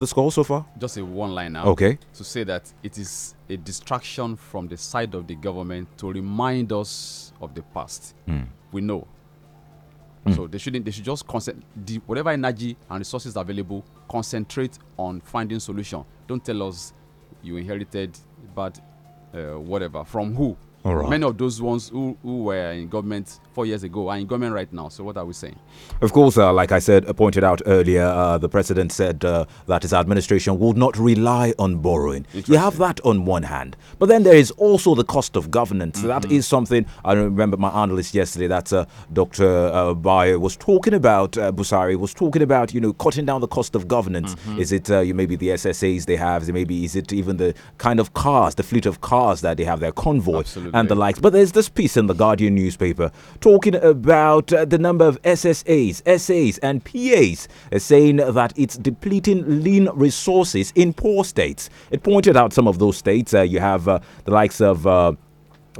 the score so far? Just a one liner. Okay. To say that it is a distraction from the side of the government to remind us of the past. Mm. We know. Mm. So they shouldn't. They should just concentrate whatever energy and resources available. Concentrate on finding solution. Don't tell us you inherited bad, uh, whatever from who. All right. Many of those ones who, who were in government four years ago are in government right now. So what are we saying? Of course, uh, like I said, uh, pointed out earlier, uh, the president said uh, that his administration would not rely on borrowing. You have that on one hand, but then there is also the cost of governance. Mm -hmm. that mm-hmm. is something I remember my analyst yesterday, that's Dr. Uh, uh Bayer, was talking about. Uh, Busari was talking about, you know, cutting down the cost of governance. Mm -hmm. Is it you maybe the SSAs they have? Maybe is it even the kind of cars, the fleet of cars that they have, their convoy Absolutely. and the likes? But there's this piece in the Guardian newspaper talking about uh, the number of SSAs, SAs, and PAs, uh, saying that it's depleting lean resources in poor states. It pointed out some of those states. Uh, you have uh, the likes of uh,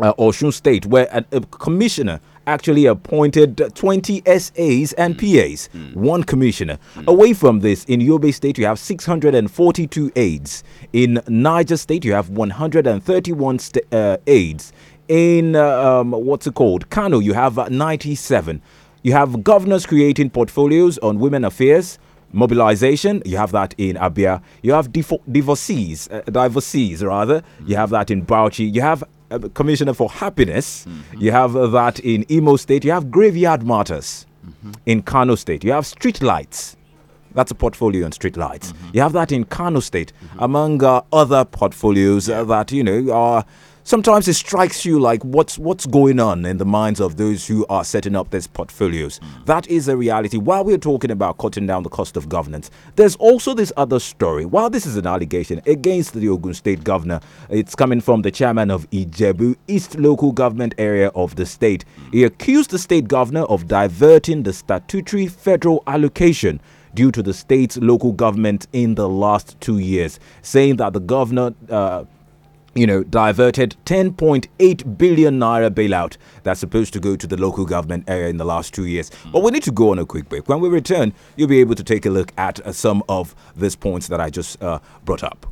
uh Osun State, where a commissioner actually appointed 20 SAs and hmm. PAs, mm. one commissioner. Mm. Away from this, in Yobe State, you have 642 aides. In Niger State, you have 131 uh, aides in uh, um, what's it called? Kano, you have 97. You have governors creating portfolios on women affairs mobilization you have that in abia you have divorcees uh, divorcees rather mm. you have that in bauchi you have uh, commissioner for happiness mm -hmm. you have uh, that in imo state you have graveyard martyrs mm -hmm. in kano state you have street lights that's a portfolio on street lights -hmm. you have that in kano state mm-hmm. among uh, other portfolios uh, that you know are sometimes it strikes you like what's what's going on in the minds of those who are setting up these portfolios. Hmm. That is a reality. While we're talking about cutting down the cost of governance, there's also this other story. While this is an allegation against the Ogun State governor, it's coming from the chairman of Ijebu East local government area of the state. Hmm. He accused the state governor of diverting the statutory federal allocation due to the state's local government in the last two years, saying that the governor. Uh, you know, diverted 10.8 billion naira bailout that's supposed to go to the local government area in the last two years. Hmm. But we need to go on a quick break. When we return, you'll be able to take a look at uh, some of these points that I just uh, brought up.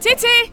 Titi!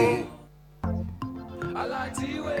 aláàtíwé.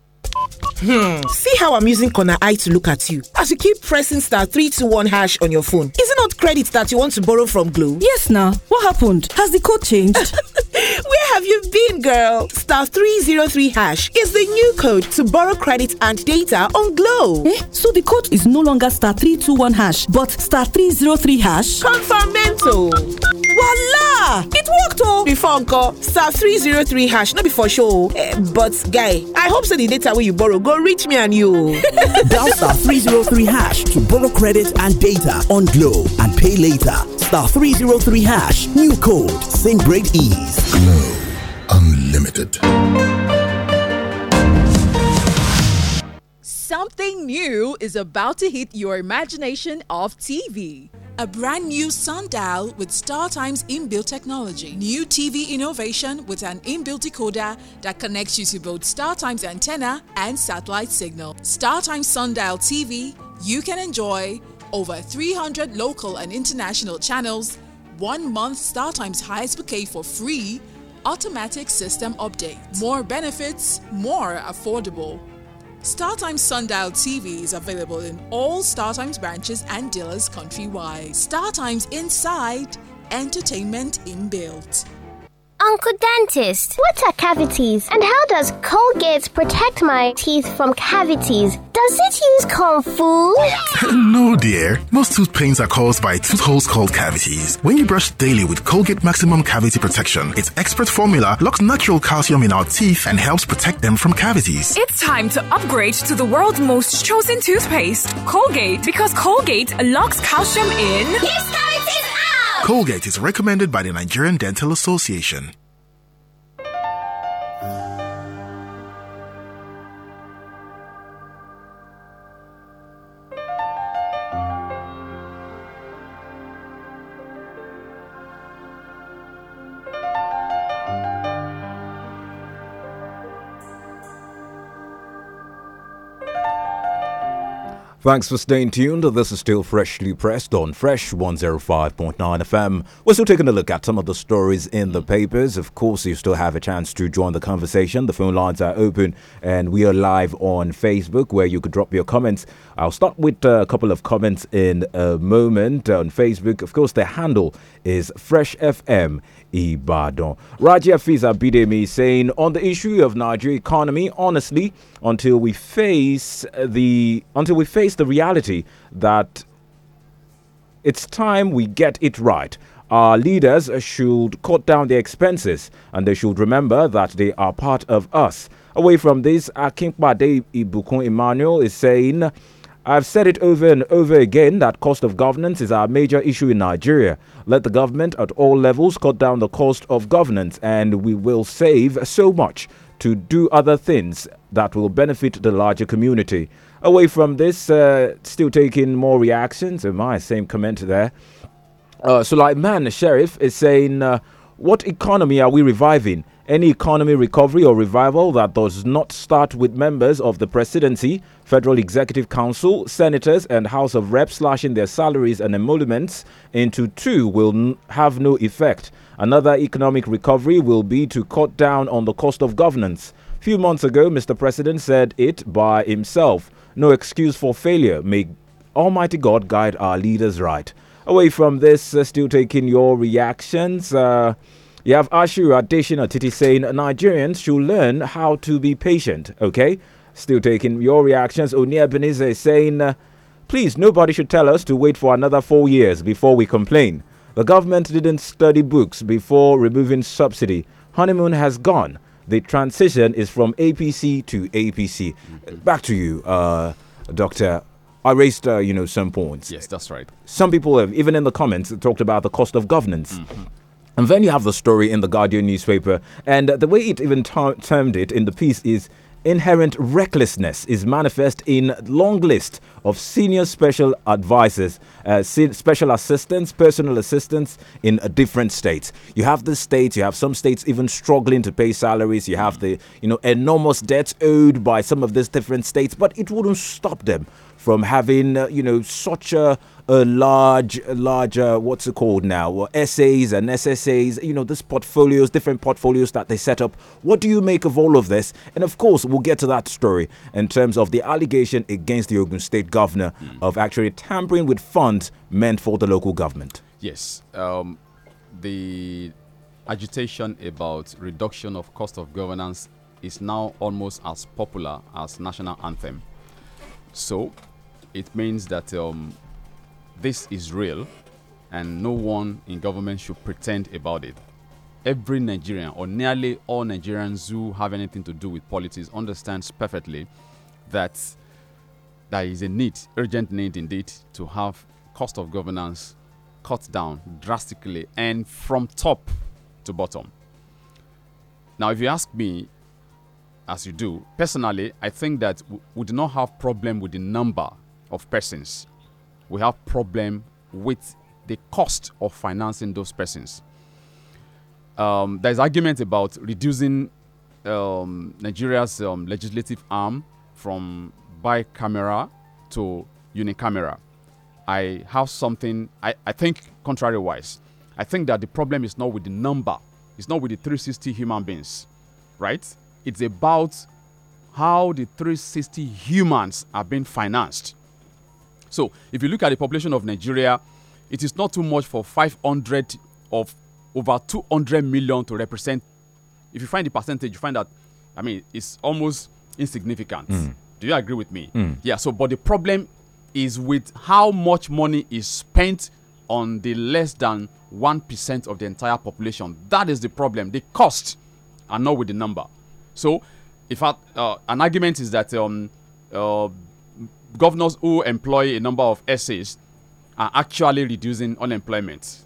Hmm. See how I'm using corner eye to look at you as you keep pressing star 321 hash on your phone. Is it not credit that you want to borrow from Glow? Yes, now. What happened? Has the code changed? Where have you been, girl? Star 303 hash is the new code to borrow credit and data on Glow. Eh? So the code is no longer star 321 hash, but star 303 hash? Confirmento. Voila! It worked, oh! Before, uncle, star 303 hash, not before show. Eh, but, guy, I hope so the data will you borrow go go reach me and you. Dial star 303 hash to borrow credit and data on Glow and pay later. Star 303 hash, new code, same great ease. Glow Unlimited. Something new is about to hit your imagination of TV a brand new sundial with StarTime's inbuilt technology. New TV innovation with an inbuilt decoder that connects you to both StarTime's antenna and satellite signal. StarTimes Sundial TV, you can enjoy over 300 local and international channels, one month StarTime's highest bouquet for free, automatic system update. More benefits, more affordable. StarTimes Sundial TV is available in all StarTimes branches and dealers countrywide. StarTimes Inside, entertainment inbuilt. Uncle Dentist, what are cavities and how does Colgate protect my teeth from cavities? Does it use cold food? no, dear. Most tooth pains are caused by tooth holes called cavities. When you brush daily with Colgate Maximum Cavity Protection, its expert formula locks natural calcium in our teeth and helps protect them from cavities. It's time to upgrade to the world's most chosen toothpaste, Colgate, because Colgate locks calcium in. Colgate is recommended by the Nigerian Dental Association. Thanks for staying tuned. This is still freshly pressed on Fresh 105.9 FM. We're still taking a look at some of the stories in the papers. Of course, you still have a chance to join the conversation. The phone lines are open and we are live on Facebook where you could drop your comments. I'll start with a couple of comments in a moment on Facebook. Of course, the handle is Fresh FM Ibadan. Raja Fiza Bidemi saying on the issue of Nigeria economy, honestly, until we face the until we face the reality that it's time we get it right. Our leaders should cut down their expenses and they should remember that they are part of us. Away from this, Akinpade Ibukun Emmanuel is saying I've said it over and over again that cost of governance is our major issue in Nigeria. Let the government at all levels cut down the cost of governance, and we will save so much to do other things that will benefit the larger community. Away from this, uh, still taking more reactions. Am I same comment there? Uh, so, like, man, the sheriff is saying, uh, "What economy are we reviving? Any economy recovery or revival that does not start with members of the presidency, Federal Executive Council, senators, and House of Reps slashing their salaries and emoluments into two will have no effect. Another economic recovery will be to cut down on the cost of governance. Few months ago, Mr. President said it by himself. No excuse for failure. May Almighty God guide our leaders right. Away from this, uh, still taking your reactions. Uh, you have Ashura Adesina Titi saying Nigerians should learn how to be patient. Okay, still taking your reactions. Onia Benize saying, uh, please, nobody should tell us to wait for another four years before we complain. The government didn't study books before removing subsidy. Honeymoon has gone. The transition is from APC to APC. Back to you, uh, Doctor. I raised, uh, you know, some points. Yes, that's right. Some people have, even in the comments, talked about the cost of governance. Mm -hmm and then you have the story in the Guardian newspaper, and the way it even ter termed it in the piece is inherent recklessness is manifest in long list of senior special advisors, uh, special assistants, personal assistants in different states. You have the states, you have some states even struggling to pay salaries. You have the you know enormous debts owed by some of these different states, but it wouldn't stop them from having uh, you know such a, a large larger what's it called now well, essays and SSAs you know this portfolios different portfolios that they set up what do you make of all of this and of course we'll get to that story in terms of the allegation against the Ogun State governor mm. of actually tampering with funds meant for the local government yes um, the agitation about reduction of cost of governance is now almost as popular as national anthem so it means that um, this is real and no one in government should pretend about it. Every Nigerian, or nearly all Nigerians who have anything to do with politics, understands perfectly that there is a need, urgent need indeed, to have cost of governance cut down drastically and from top to bottom. Now, if you ask me, as you do, personally, I think that we do not have problem with the number of persons, we have problem with the cost of financing those persons. Um, there's argument about reducing um, Nigeria's um, legislative arm from bicamera to unicamera. I have something, I, I think, contrariwise. I think that the problem is not with the number, it's not with the 360 human beings, right? It's about how the 360 humans are being financed. So if you look at the population of Nigeria, it is not too much for 500 of over 200 million to represent. If you find the percentage, you find that, I mean, it's almost insignificant. Mm. Do you agree with me? Mm. Yeah, so, but the problem is with how much money is spent on the less than 1% of the entire population. That is the problem. The cost and not with the number. So, in fact, uh, an argument is that um, uh, governors who employ a number of essays are actually reducing unemployment.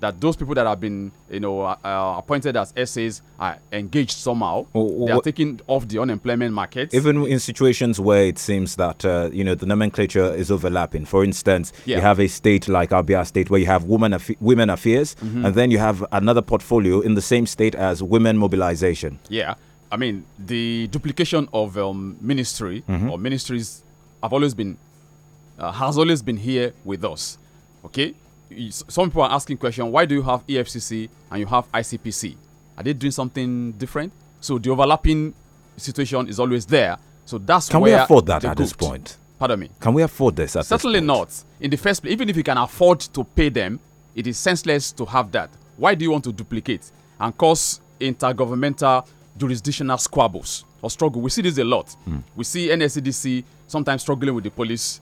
That those people that have been, you know, uh, uh appointed as SS are engaged somehow. Well, they are taking off the unemployment market. Even in situations where it seems that uh, you know the nomenclature is overlapping. For instance, yeah. you have a state like Abia State where you have women aff women affairs, mm -hmm. and then you have another portfolio in the same state as women mobilization. Yeah, I mean the duplication of um, ministry mm -hmm. or ministries have always been, uh, has always been here with us. Okay? Some people are asking question, why do you have EFCC and you have ICPC? Are they doing something different? So the overlapping situation is always there. So that's can we afford that at this point? Pardon me. Can we afford this? Certainly this not. In the first place, even if you can afford to pay them, it is senseless to have that. Why do you want to duplicate and cause intergovernmental jurisdictional squabbles or struggle? We see this a lot. Mm. We see NSCDC sometimes struggling with the police,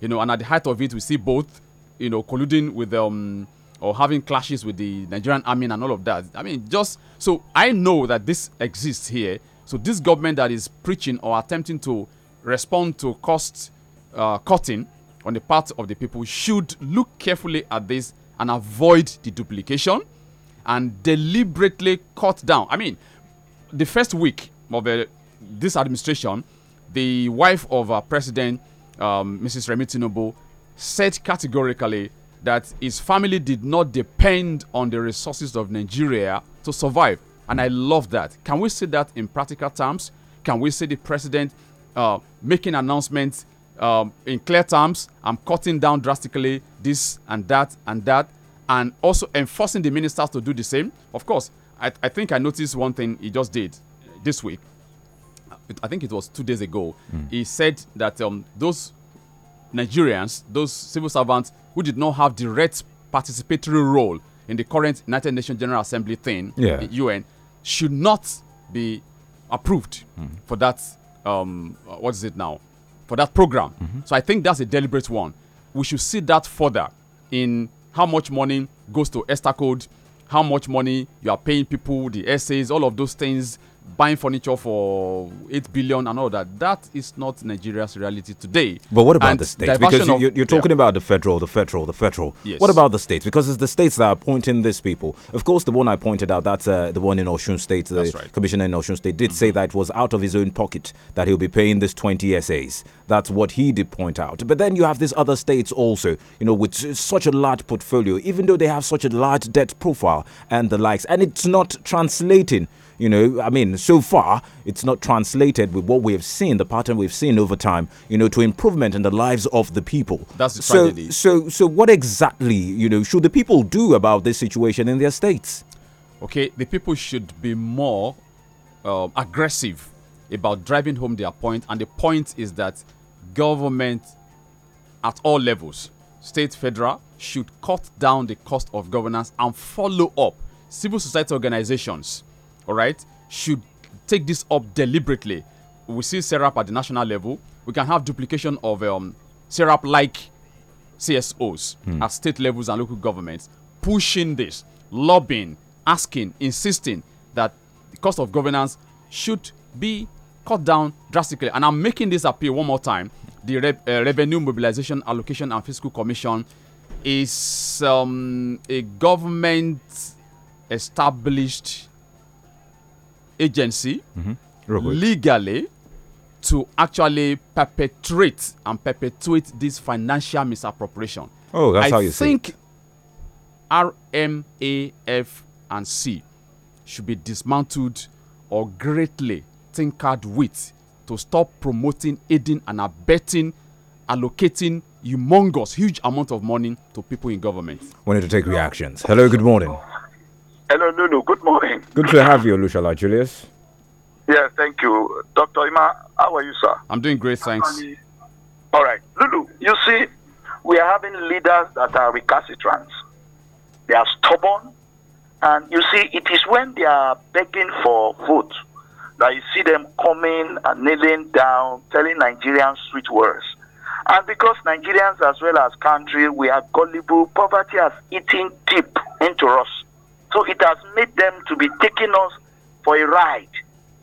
you know, and at the height of it, we see both, you know, colluding with um or having clashes with the Nigerian army and all of that. I mean, just so I know that this exists here. So this government that is preaching or attempting to respond to cost uh, cutting on the part of the people should look carefully at this and avoid the duplication and deliberately cut down. I mean, the first week of uh, this administration, the wife of our president, um, Mrs. Remi Tinobu, said categorically that his family did not depend on the resources of Nigeria to survive. And I love that. Can we say that in practical terms? Can we see the president uh, making announcements um, in clear terms? I'm cutting down drastically this and that and that, and also enforcing the ministers to do the same. Of course, I, I think I noticed one thing he just did this week I think it was two days ago, mm. he said that um, those Nigerians, those civil servants who did not have direct participatory role in the current United Nations General Assembly thing, yeah. UN, should not be approved mm. for that. Um, uh, what is it now? For that program. Mm -hmm. So I think that's a deliberate one. We should see that further in how much money goes to Estacode, how much money you are paying people, the essays, all of those things buying furniture for eight billion and all that. That is not Nigeria's reality today. But what about and the states? Because you, are talking yeah. about the federal, the federal, the federal. Yes. What about the states? Because it's the states that are appointing these people. Of course, the one I pointed out, that's uh, the one in Osun State. The right. commissioner in Osun State did mm -hmm. say that it was out of his own pocket that he'll be paying this 20 essays. That's what he did point out. But then you have these other states also, you know, with such a large portfolio, even though they have such a large debt profile and the likes, and it's not translating you know, I mean, so far it's not translated with what we have seen, the pattern we've seen over time, you know, to improvement in the lives of the people. That's the so, tragedy. So, so what exactly, you know, should the people do about this situation in their states? Okay, the people should be more uh, aggressive about driving home their point, and the point is that government at all levels, state, federal, should cut down the cost of governance and follow up. Civil society organizations, all right, should take this up deliberately. We see SERAP at the national level. We can have duplication of um, SERAP like CSOs mm. at state levels and local governments pushing this, lobbying, asking, insisting that the cost of governance should be cut down drastically. And I'm making this appeal one more time. The Re uh, Revenue Mobilization Allocation and Fiscal Commission is um, a government established agency mm -hmm. legally to actually perpetrate and perpetuate this financial misappropriation. Oh, that's I how you think R M A F and C should be dismantled or greatly voting card with to stop promoting, aiding, and abetting, allocating humongous, huge amount of money to people in government. We need to take reactions. Hello, good morning. Hello, Lulu. Good morning. Good to have you, Lushala Julius. Yeah, thank you. Dr. Ima, how are you, sir? I'm doing great, thanks. All right. Lulu, you see, we are having leaders that are recalcitrant. They are stubborn. And you see, it is when they are begging for vote that you see them coming and kneeling down, telling Nigerians sweet words. And because Nigerians, as well as country, we are gullible, poverty has eaten deep into us. So it has made them to be taking us for a ride.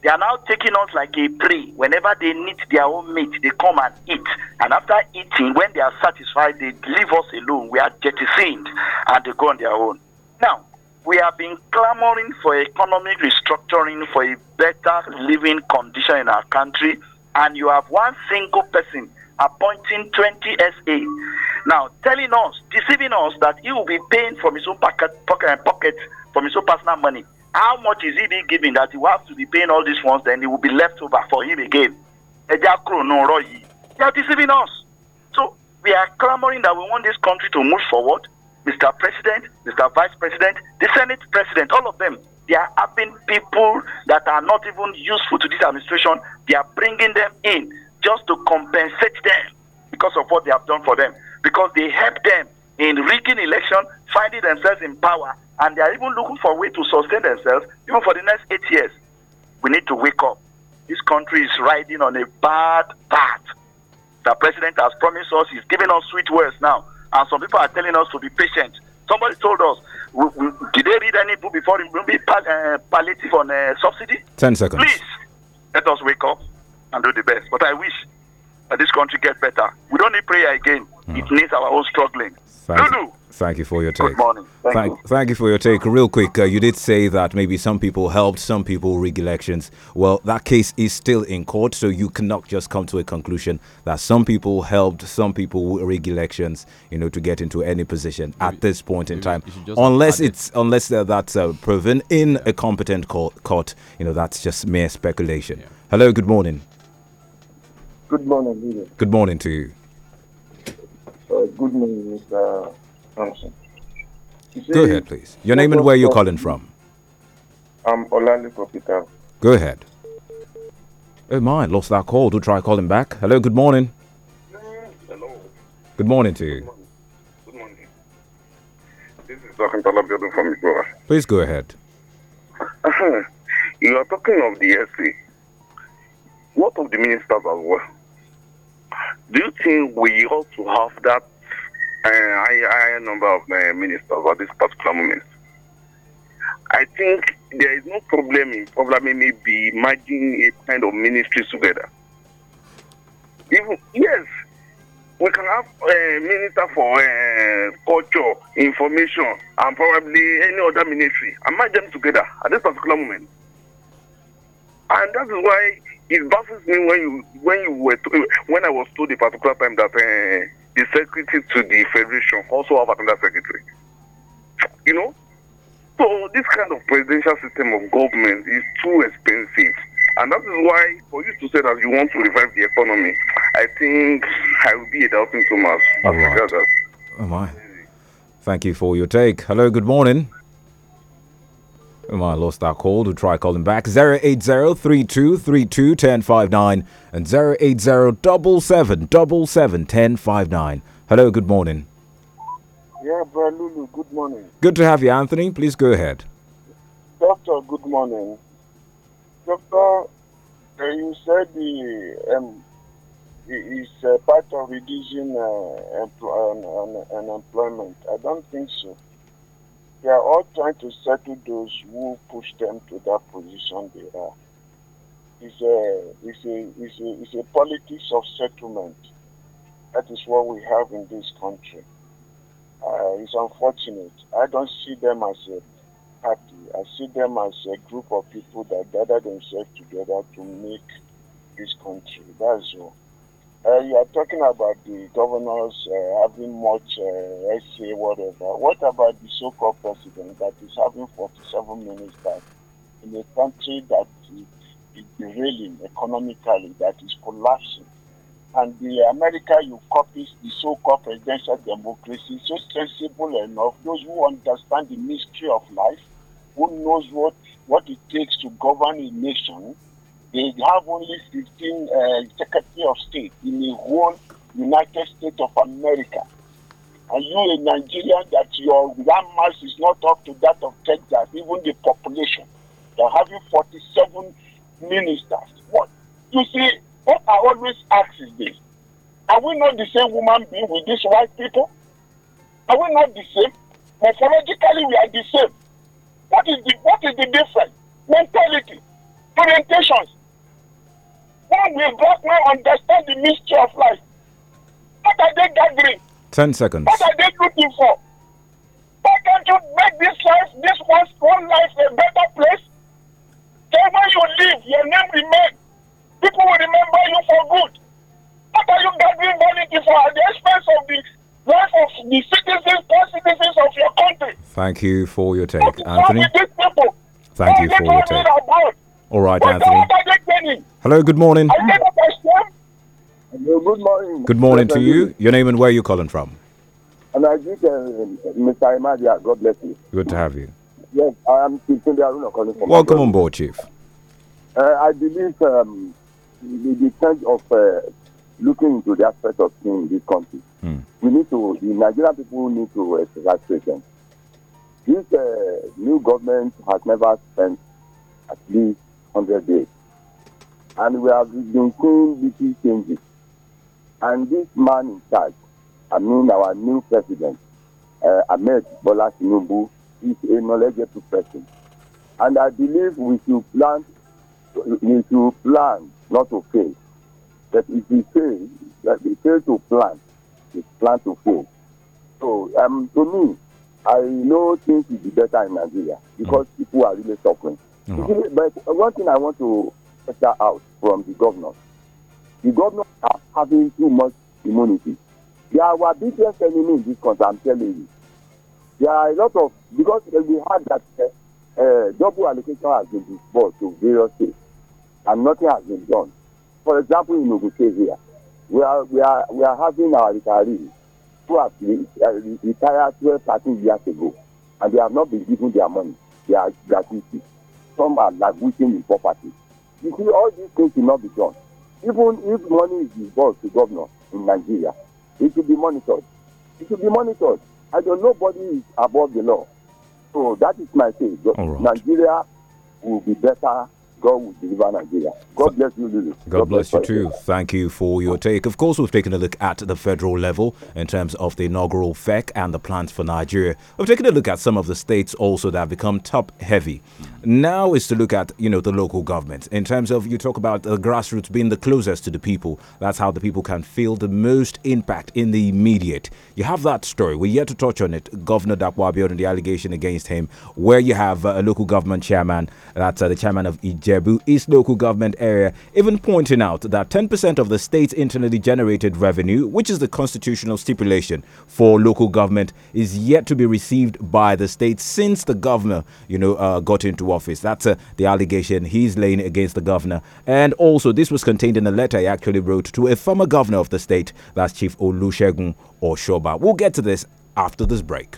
They are now taking us like a prey. Whenever they need their own meat, they come and eat. And after eating, when they are satisfied, they leave us alone. We are jettisoned and they go on their own. Now, we have been clamoring for economic restructuring for a better living condition in our country, and you have one single person appointing 20 SA now telling us, deceiving us that he will be paying from his own pocket, pocket, uh, pocket from his own personal money. How much is he being given that he will have to be paying all these ones, then it will be left over for him again? They are deceiving us. So we are clamoring that we want this country to move forward Mr. President, Mr. Vice President, the Senate President, all of them, they are having people that are not even useful to this administration. They are bringing them in just to compensate them because of what they have done for them, because they helped them in rigging election, finding themselves in power, and they are even looking for a way to sustain themselves even for the next eight years. We need to wake up. This country is riding on a bad path. The president has promised us, he's giving us sweet words now and some people are telling us to be patient. Somebody told us, did they read any book before it will be pal- uh, palliative on uh, subsidy? 10 seconds. Please, let us wake up and do the best. But I wish that this country get better. We don't need prayer again. It hmm. needs our own struggling. Lulu, Thank you for your take. Good morning. Thank, thank, you. thank you. for your take. Real quick, uh, you did say that maybe some people helped, some people rig elections. Well, that case is still in court, so you cannot just come to a conclusion that some people helped, some people rig elections, you know, to get into any position maybe, at this point in time. Unless it's it. unless uh, that's uh, proven in yeah. a competent court, court, you know, that's just mere speculation. Yeah. Hello, good morning. Good morning. Leader. Good morning to you. Uh, good morning, Mr. Thompson. See, Go ahead, please. Your name and where you're calling from. I'm Olalepo Peter. Go ahead. Oh my, lost that call. Do try calling back. Hello, good morning. Hello. Good morning to you. Good morning. This is Building from Igora. Please go ahead. you are talking of the SA. What of the ministers as well? Do you think we ought to have that a number of uh, ministers at this particular moment. I think there is no problem in probably maybe merging a kind of ministries together. If, yes, we can have a eh, minister for uh, culture, information, and probably any other ministry and merge them together at this particular moment. And that is why it baffles me when you when you were to, when I was told a particular time that. Uh, the secretary to the federation also have another secretary. You know? So this kind of presidential system of government is too expensive. And that is why for you to say that you want to revive the economy, I think I will be a doubting Thomas. much. All right. Oh my. Thank you for your take. Hello, good morning. We might have lost our call. We'll try calling back. 080-3232-1059 and 080-777-1059. Hello, good morning. Yeah, bro, Lulu, good morning. Good to have you, Anthony. Please go ahead. Doctor, good morning. Doctor, uh, you said the um, is part of reducing uh, empl- un- un- unemployment. I don't think so. They are all trying to settle those who push them to that position they are. It's a, it's a, it's a, it's a politics of settlement. That is what we have in this country. Uh, it's unfortunate. I don't see them as a party. I see them as a group of people that gather themselves together to make this country. That's all. Uh, you are talking about the governors uh, having much, I uh, let's say, whatever. What about the so called president that is having 47 ministers in a country that is, is derailing economically, that is collapsing? And the America, you copy the so called presidential democracy, so sensible enough, those who understand the mystery of life, who knows what, what it takes to govern a nation they have only 15 uh, Secretary of State in the whole United States of America. And you, a Nigerian, that your mass is not up to that of Texas, even the population. they are having 47 ministers. What? You see, what I always ask is this Are we not the same woman being with these white people? Are we not the same? Morphologically, we are the same. What is the, what is the difference? Mentality, orientations, one will got now understand the mystery of life? What are they gathering? Ten seconds. What are they looking for? Why can't you make this life, this one's own life, a better place? Wherever you leave, your name remain. People will remember you for good. What are you gathering money for at the expense of the life of the citizens, poor citizens of your country? Thank you for your take, Anthony. Thank you for your take. All right, Anthony. Hello, good morning. Hello, good morning. Good morning to you. Your name and where you calling from? And I did, uh, Mr. Imadia, God bless you. Good to have you. Yes, I am Chief Aruna calling from. Welcome on board, Chief. Uh, I believe um, the, the change of uh, looking into the aspect of things in this country. Mm. We need to, the Nigerian people need to exercise patience. This uh, new government has never spent at least 100 days. And we have been seeing little changes. And this man in charge, I mean our new president, uh, Ahmed Bola Tinubu, is a knowledgeable person. And I believe we should plan, we should plan not to fail. That if we fail, that we fail to plan, we plan to fail. So um, to me, I know things will be better in Nigeria because people are really suffering. But one thing I want to start out from the governor: The governor are having too much immunity. They are our biggest enemy in this country, I'm telling you. There are a lot of, because we had that uh, uh, double allocation has been disbursed to various states, and nothing has been done. For example, in here, we are, we, are, we are having our retirees who have eh, retired 12, 13 years ago, and they have not been given their money, are gratuity some are languishing in property. You see, all these things cannot not be done. Even if money is involved to governor in Nigeria, it should be monitored. It should be monitored. I don't nobody is above the law. So that is my say. Right. Nigeria will be better God will deliver Nigeria. God bless you, Lulu. God, God bless, bless, you too. Thank you for your take. Of course, we've taken a look at the federal level in terms of the inaugural FEC and the plans for Nigeria. We've taken a look at some of the states also that have become top heavy. Now is to look at you know the local government in terms of you talk about the grassroots being the closest to the people. That's how the people can feel the most impact in the immediate. You have that story. We're yet to touch on it. Governor Dakwa Abiodun, the allegation against him, where you have uh, a local government chairman, that's uh, the chairman of Egypt Jebu East local government area, even pointing out that 10% of the state's internally generated revenue, which is the constitutional stipulation for local government, is yet to be received by the state since the governor, you know, uh, got into office. That's uh, the allegation he's laying against the governor. And also, this was contained in a letter I actually wrote to a former governor of the state, that's Chief Olusegun Oshoba. We'll get to this after this break.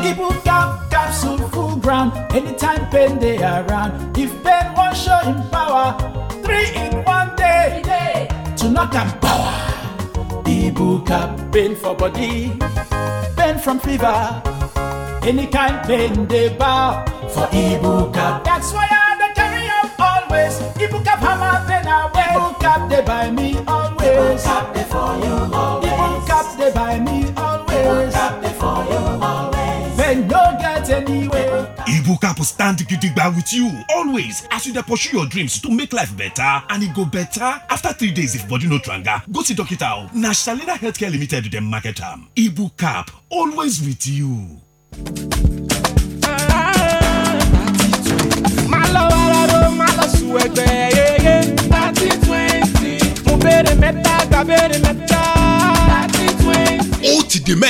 People cap capsule full ground anytime pain they around. If pain will show in power, three in one day, day. to knock them power. Ibu cap pain for body, pain from fever, any kind pain they bow for Ibu cap. That's why I do carry up always. Ibu cap hammer pain away. Ibu cap they buy me always. Ibu they for you always. Ibu cap they buy me always. Okapo stand gidigba with you always as you dey pursue your dreams to make life better and e go better after three days if body no tranga go see dokita o na shalina healthcare limited dem market am ibu cap always with you. máa lọ ó ti di mẹ́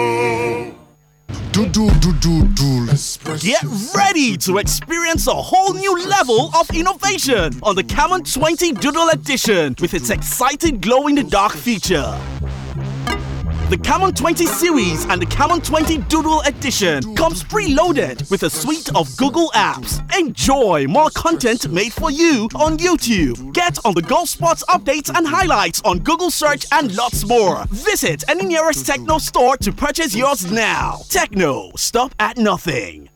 Get ready to experience a whole new level of innovation on the Camon 20 Doodle Edition with its exciting glow in the dark feature the Camon 20 series and the Camon 20 Doodle edition comes preloaded with a suite of Google apps. Enjoy more content made for you on YouTube. Get on the golf spots updates and highlights on Google search and lots more. Visit any nearest techno store to purchase yours now. Techno, stop at nothing.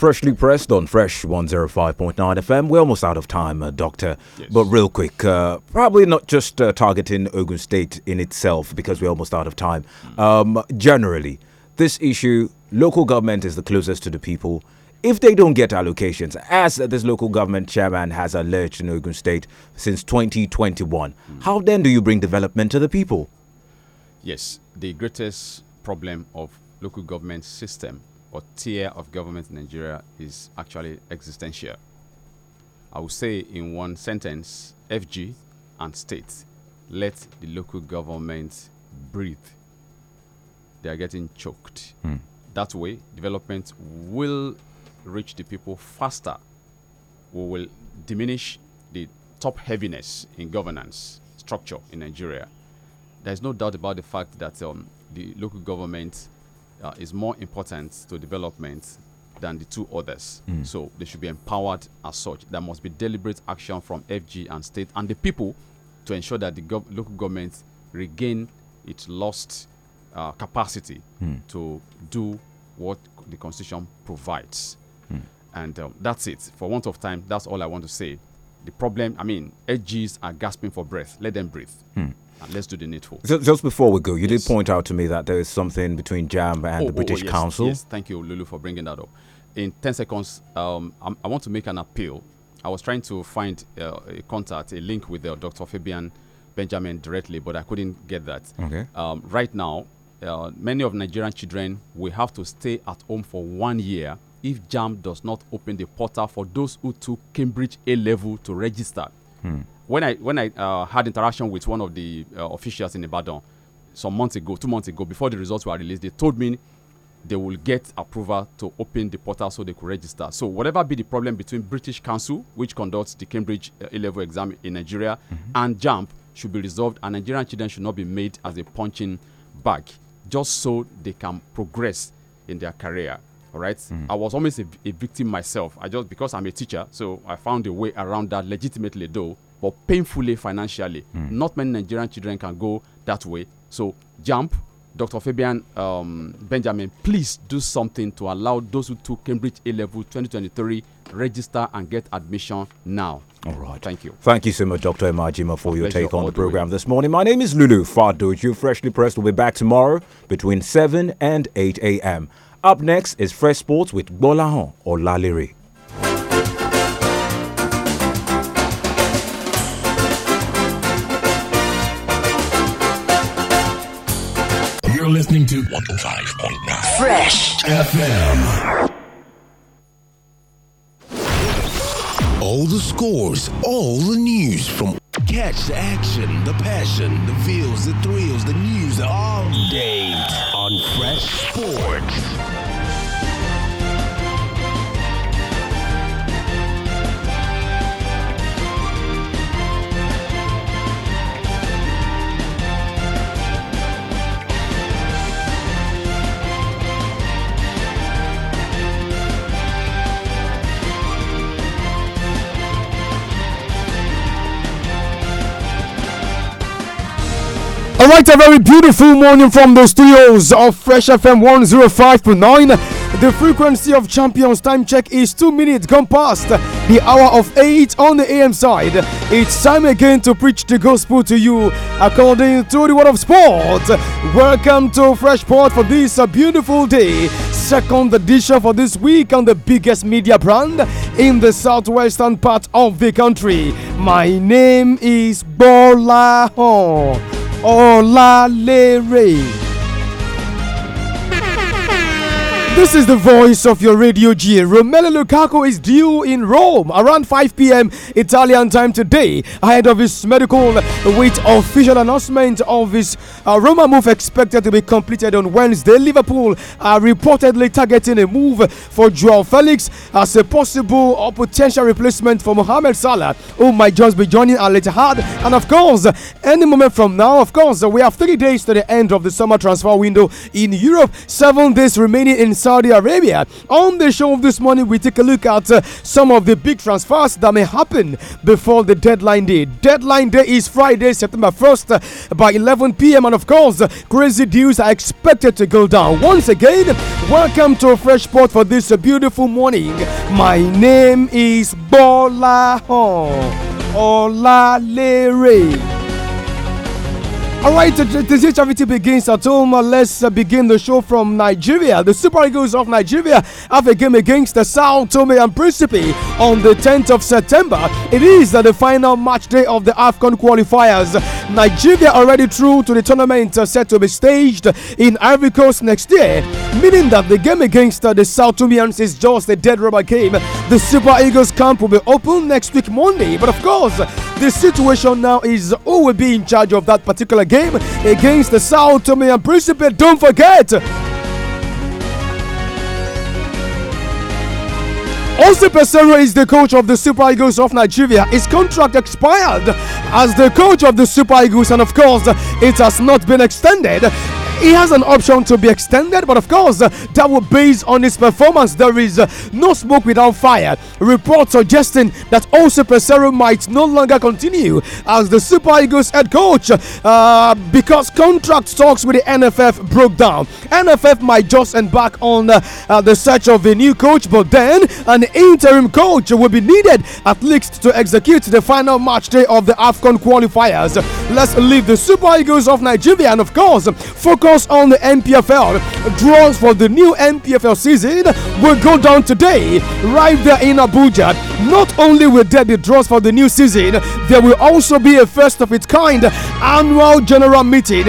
Freshly pressed on Fresh 105.9 FM. We're almost out of time, uh, Doctor. Yes. But real quick, uh, probably not just uh, targeting Ogun State in itself because we're almost out of time. Mm. Um, generally, this issue, local government is the closest to the people. If they don't get allocations, as this local government chairman has alleged in Ogun State since 2021, mm. how then do you bring development to the people? Yes, the greatest problem of local government system or tier of government in Nigeria is actually existential. I will say in one sentence FG and state, let the local government breathe. They are getting choked. Hmm. That way, development will reach the people faster. We will diminish the top heaviness in governance structure in Nigeria. There's no doubt about the fact that um, the local government uh, is more important to development than the two others. Mm. So they should be empowered as such. There must be deliberate action from FG and state and the people to ensure that the gov local government regain its lost uh, capacity mm. to do what the constitution provides. Mm. And um, that's it. For want of time, that's all I want to say. The problem, I mean, FGs are gasping for breath. Let them breathe. Hmm. And ah, let's do the needful. just before we go, you yes. did point out to me that there is something between JAM and oh, the oh, oh, British oh, yes, Council. Yes, thank you, Lulu, for bringing that up. In 10 seconds, um, I, want to make an appeal. I was trying to find uh, a contact, a link with uh, Dr. Fabian Benjamin directly, but I couldn't get that. Okay. Um, right now, uh, many of Nigerian children will have to stay at home for one year if JAM does not open the portal for those who took Cambridge A level to register. Hmm when I when I uh, had interaction with one of the uh, officials in Ibadan some months ago, two months ago, before the results were released, they told me they will get approval to open the portal so they could register. So whatever be the problem between British Council, which conducts the Cambridge uh, A-level exam in Nigeria, mm -hmm. and JAMP should be resolved, and Nigerian children should not be made as a punching bag, just so they can progress in their career. All right. Mm -hmm. I was almost a, a victim myself. I just because I'm a teacher, so I found a way around that legitimately, though but painfully financially. Mm. Not many Nigerian children can go that way. So jump, Dr. Fabian um, Benjamin, please do something to allow those who took Cambridge A level 2023 register and get admission now. All right. Thank you. Thank you so much, Dr. Emajima, for your take on the program way. this morning. My name is Lulu Fadoju. Freshly Pressed will be back tomorrow between 7 and 8 a.m. Up next is Fresh Sports with Bolahon or Laliri. 105.9 Fresh FM. All the scores, all the news from catch the action, the passion, the feels, the thrills, the news all day on Fresh Sports. right, a very beautiful morning from the studios of Fresh FM 105.9. The frequency of Champions time check is 2 minutes gone past the hour of 8 on the AM side. It's time again to preach the gospel to you according to the word of sport. Welcome to Fresh Port for this uh, beautiful day. Second edition for this week on the biggest media brand in the southwestern part of the country. My name is Bola Hon ọ̀la lérè. This is the voice of your radio G. Romelu Lukaku is due in Rome around 5 p.m. Italian time today, ahead of his medical, with official announcement of his uh, Roma move expected to be completed on Wednesday. Liverpool are reportedly targeting a move for Joao Felix as a possible or potential replacement for Mohamed Salah, who might just be joining Al Ittihad. And of course, any moment from now, of course, we have 30 days to the end of the summer transfer window in Europe. Seven days remaining in. Summer Saudi Arabia. On the show of this morning, we take a look at uh, some of the big transfers that may happen before the deadline day. Deadline day is Friday, September 1st uh, by 11 p.m. And of course, uh, crazy deals are expected to go down. Once again, welcome to Fresh Port for this beautiful morning. My name is Bola Ola Olalere. All right, today's charity begins at home. Uh, let's uh, begin the show from Nigeria. The Super Eagles of Nigeria have a game against the Sao Tome and Principe on the 10th of September. It is uh, the final match day of the AFCON qualifiers. Nigeria already through to the tournament set to be staged in Ivory Coast next year, meaning that the game against the Sao Tomeans is just a dead rubber game. The Super Eagles camp will be open next week, Monday. But of course, the situation now is who will be in charge of that particular game against the Sao Tome and Principe. Don't forget, Jose Pesero is the coach of the Super Eagles of Nigeria. His contract expired as the coach of the Super Eagles, and of course, it has not been extended. He has an option to be extended, but of course, that will base on his performance. There is uh, no smoke without fire. Reports suggesting that also Pesero might no longer continue as the Super Eagles head coach uh, because contract talks with the NFF broke down. NFF might just embark on uh, uh, the search of a new coach, but then an interim coach will be needed at least to execute the final match day of the AFCON qualifiers. Let's leave the Super Eagles of Nigeria and, of course, focus on the NPFL. Draws for the new NPFL season will go down today, right there in Abuja. Not only will there be draws for the new season, there will also be a first of its kind annual general meeting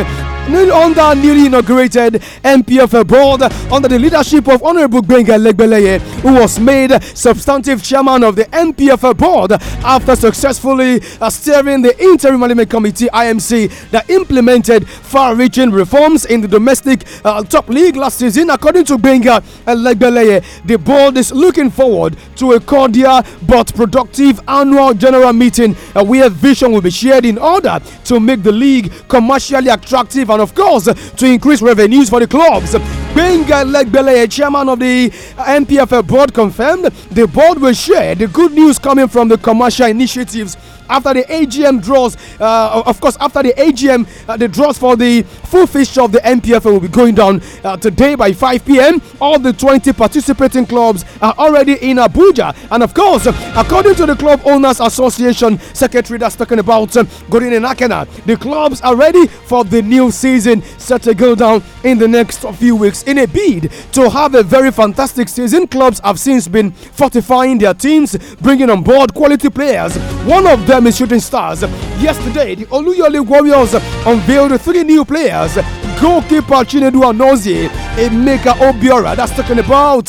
under Onda newly inaugurated MPF board under the leadership of Honorable Benga Legbeleye, who was made substantive chairman of the MPF board after successfully uh, steering the Interim Management Committee IMC that implemented far reaching reforms in the domestic uh, top league last season. According to Benga uh, Legbeleye, the board is looking forward to a cordial but productive annual general meeting uh, where vision will be shared in order to make the league commercially attractive and and of course to increase revenues for the clubs. Benga Legbele, chairman of the NPFL board, confirmed the board will share the good news coming from the commercial initiatives after the AGM draws, uh, of course, after the AGM, uh, the draws for the full fixture of the NPFL will be going down uh, today by 5 p.m. All the 20 participating clubs are already in Abuja, and of course, according to the Club Owners Association secretary that's talking about uh, Gorin and Akena, the clubs are ready for the new season set to go down in the next few weeks. In a bid to have a very fantastic season, clubs have since been fortifying their teams, bringing on board quality players. One of them Diamond Shooting Stars. Yesterday, the Oluyole Warriors unveiled three new players. Goalkeeper Chinedu Anozie, a maker Obiora, that's talking about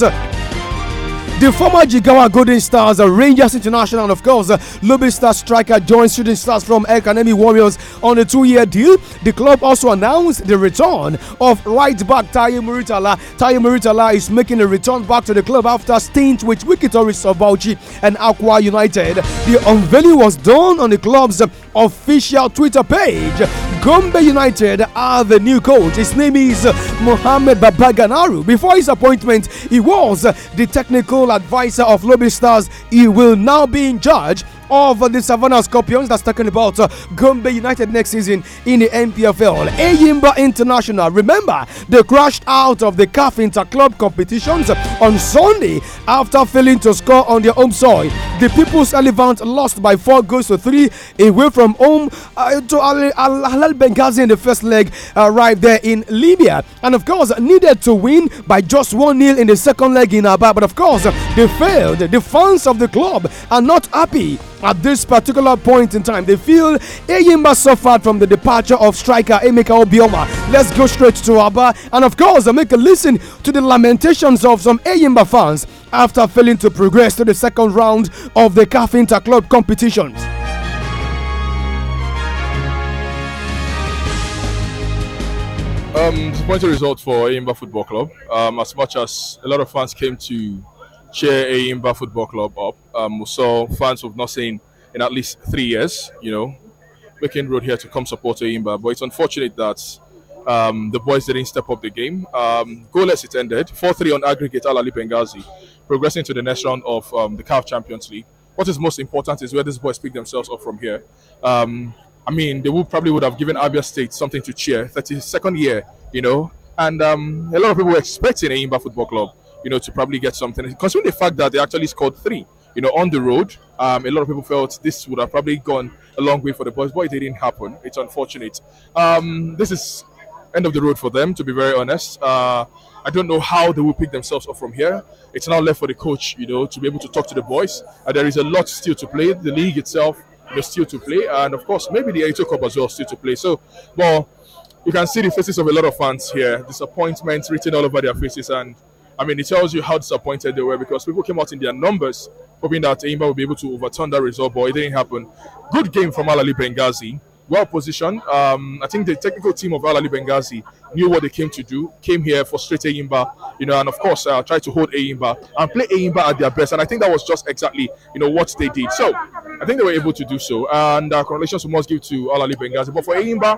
the former Jigawa Golden Stars, uh, Rangers International, and of course, uh, Lobby Star striker joins Shooting Stars from Academy Warriors on a two year deal. The club also announced the return of right back Taye Muritala. Muritala is making a return back to the club after stint with Wikitoris of Bauchi and Aqua United. The unveiling was done on the club's official Twitter page. Gombe United are the new coach. His name is Mohamed Babaganaru. Before his appointment, he was the technical advisor of Lobby Stars, he will now be in charge of the Savannah Scorpions. That's talking about uh, Gombe United next season in the NPFL. Ayimba International. Remember, they crashed out of the CAF Interclub competitions on Sunday after failing to score on their home soil. The People's Elephant lost by four goals to three away from home uh, to Al, Al, Benghazi in the first leg uh, right there in Libya. And of course, needed to win by just 1 nil in the second leg in Abba. But of course, they failed. The fans of the club are not happy at this particular point in time. They feel Eyimba suffered from the departure of striker Emeka Obioma. Let's go straight to Abba and, of course, make a listen to the lamentations of some Eyimba fans after failing to progress to the second round of the CAF Interclub competitions. Um, disappointing result for Imba Football Club. Um, as much as a lot of fans came to cheer Aimba Football Club up. Um, we saw fans we've not seen in at least three years, you know, making road here to come support Aimba. But it's unfortunate that um, the boys didn't step up the game. Um, goalless it ended, 4-3 on aggregate Al Ali Benghazi, progressing to the next round of um, the CAF Champions League. What is most important is where these boys pick themselves up from here. Um, I mean, they would probably would have given Abia State something to cheer, 32nd year, you know, and um, a lot of people were expecting Aimba Football Club you know, to probably get something. Considering the fact that they actually scored three, you know, on the road, um, a lot of people felt this would have probably gone a long way for the boys, but it didn't happen. It's unfortunate. Um, this is end of the road for them, to be very honest. Uh, I don't know how they will pick themselves up from here. It's now left for the coach, you know, to be able to talk to the boys. Uh, there is a lot still to play. The league itself, you still to play, and of course, maybe the Aito Cup as well still to play. So, well, you can see the faces of a lot of fans here. Disappointment written all over their faces, and I mean, it tells you how disappointed they were because people came out in their numbers hoping that Aimba would be able to overturn that result, but it didn't happen. Good game from Alali Benghazi. Well positioned. Um, I think the technical team of Alali Benghazi knew what they came to do, came here, frustrated Aimba, you know, and of course, uh, tried to hold Aimba and play Aimba at their best. And I think that was just exactly, you know, what they did. So I think they were able to do so. And uh, congratulations we must give to Alali Benghazi. But for Aimba,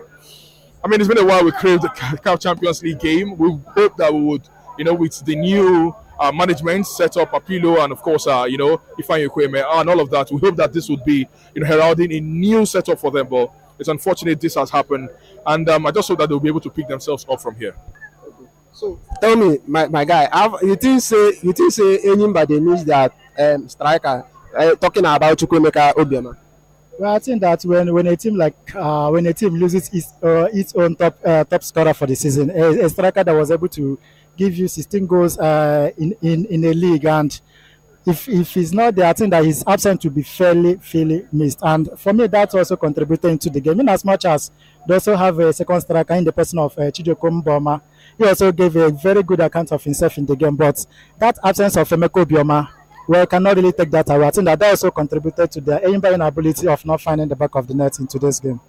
I mean, it's been a while. We craved the CAF Champions League game. We hope that we would you know, with the new uh, management set up Apilo and of course uh, you know Ifeanyi Kweme and all of that. We hope that this would be you know heralding a new setup for them, but it's unfortunate this has happened, and um, I just hope that they'll be able to pick themselves up from here. So tell me, my, my guy, have you think say you think say anybody needs that um, striker uh, talking about Chukwemeka Obiama? Well, I think that when, when a team like uh, when a team loses its, uh, its own top uh, top scorer for the season, a, a striker that was able to give you 16 goals uh, in, in, in a league. And if, if he's not there, I think that his absence will be fairly, fairly missed. And for me, that's also contributing to the game. In as much as they also have a second striker in the person of uh, Chijokom Boma, he also gave a very good account of himself in the game. But that absence of Emeko Bioma, well, cannot really take that away. I think that, that also contributed to their inability of not finding the back of the net in today's game.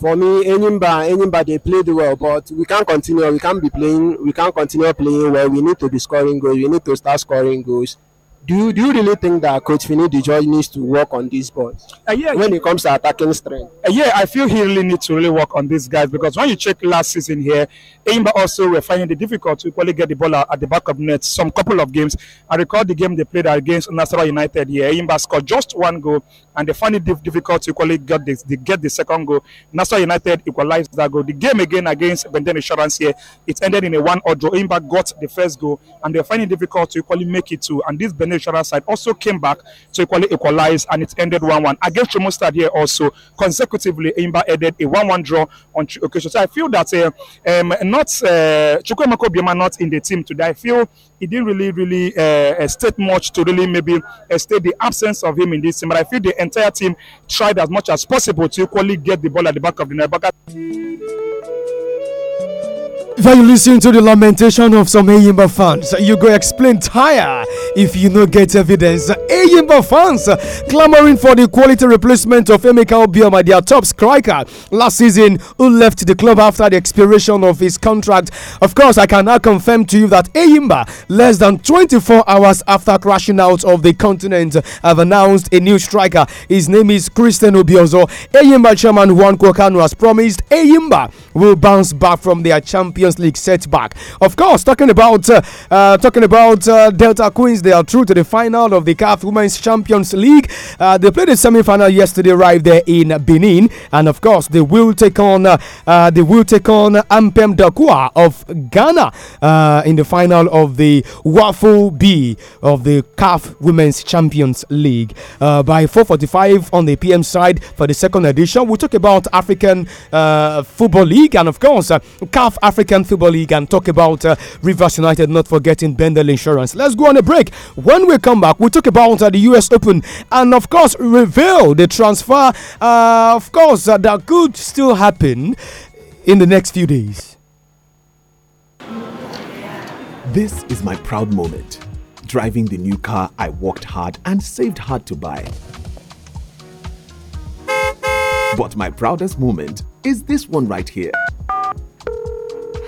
for me, Enyimba, Enyimba, they played well, but we can't continue. We can't be playing. We can't continue playing well. We need to be scoring goals. We need to start scoring goals. do you, do you really think that Coach Fini Joy needs to work on these boys uh, yeah, when it comes to attacking strength? Uh, yeah, I feel he really needs to really work on these guys because when you check last season here, Aimba also were finding it difficult to equally get the ball at the back of net some couple of games. I recall the game they played against Nassau United here. Aimba scored just one goal and they found it difficult to equally get the, get the second goal. Nassau United equalized that goal. The game again against Benden Insurance here, it ended in a one-odd draw. Aimba got the first goal and they finding it difficult to equally make it two. And this on side also came back to equally equalize and it ended 1 1. Against Chomo here also, consecutively, Imba added a 1 1 draw on occasions. So I feel that uh, um, not uh, Chukwemako Bioma not in the team today. I feel he didn't really, really uh, state much to really maybe uh, state the absence of him in this team. But I feel the entire team tried as much as possible to equally get the ball at the back of the net. If you listen to the lamentation of some Ayimba fans. You go explain tire if you no get evidence. Ayimba fans clamoring for the quality replacement of Emeka Obioma, their top striker last season, who left the club after the expiration of his contract. Of course, I can now confirm to you that Ayimba, less than 24 hours after crashing out of the continent, have announced a new striker. His name is Christian Obiozo. Ayimba chairman Juan Kwokano has promised Ayimba will bounce back from their champion League setback. Of course, talking about uh, uh, talking about uh, Delta Queens, they are through to the final of the CAF Women's Champions League. they played the semi-final yesterday right there in Benin, and of course, they will take on they will take on Ampem Dakua of Ghana in the final of the Waffle B of the CAF Women's Champions League by 4:45 on the PM side for the second edition. we talk about African Football League and of course CAF African Football League and talk about uh, Rivers United not forgetting Bendel Insurance. Let's go on a break. When we come back, we'll talk about uh, the US Open and, of course, reveal the transfer, uh, of course, uh, that could still happen in the next few days. This is my proud moment. Driving the new car I worked hard and saved hard to buy. But my proudest moment is this one right here.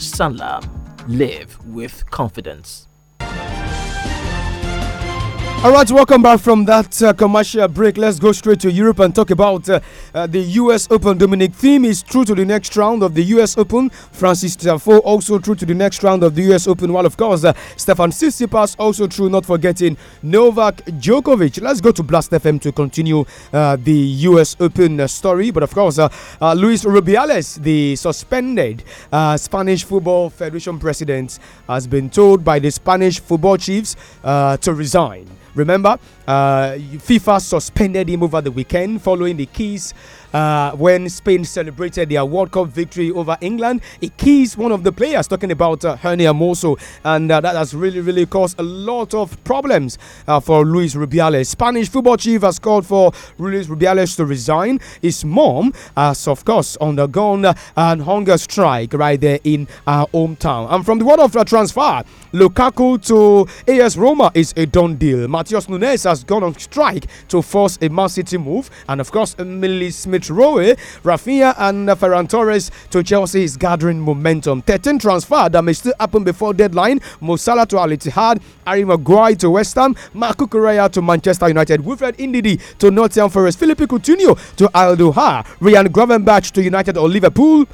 Salam. Live with confidence. All right, welcome back from that uh, commercial break. Let's go straight to Europe and talk about uh, uh, the US Open. Dominic Thiem is through to the next round of the US Open. Francis Tiafoe also through to the next round of the US Open. While, of course, uh, Stefan Sissipas also through, not forgetting Novak Djokovic. Let's go to Blast FM to continue uh, the US Open story. But, of course, uh, Luis Rubiales, the suspended Spanish Football Federation president, has been told by the Spanish football chiefs to resign. Remember, uh, FIFA suspended him over the weekend following the keys uh, when Spain celebrated their World Cup victory over England. It keys one of the players, talking about uh, Hernia Moso, and uh, that has really, really caused a lot of problems uh, for Luis Rubiales. Spanish football chief has called for Luis Rubiales to resign. His mom has, of course, undergone an hunger strike right there in our hometown. And from the world of uh, transfer, Lukaku to AS Roma is a done deal. Matias Nunes has gone on strike to force a Man City move. And of course, Millie Smith Rowe, Rafinha, and Ferran Torres to Chelsea is gathering momentum. 13 transfer that may still happen before deadline. Mosala to Al Ittihad, Harry Maguire to West Ham, Marco Correa to Manchester United, Wilfred Indidi to Nottingham Forest, Philippe Coutinho to Al Doha, Ryan Gravenbach to United or Liverpool,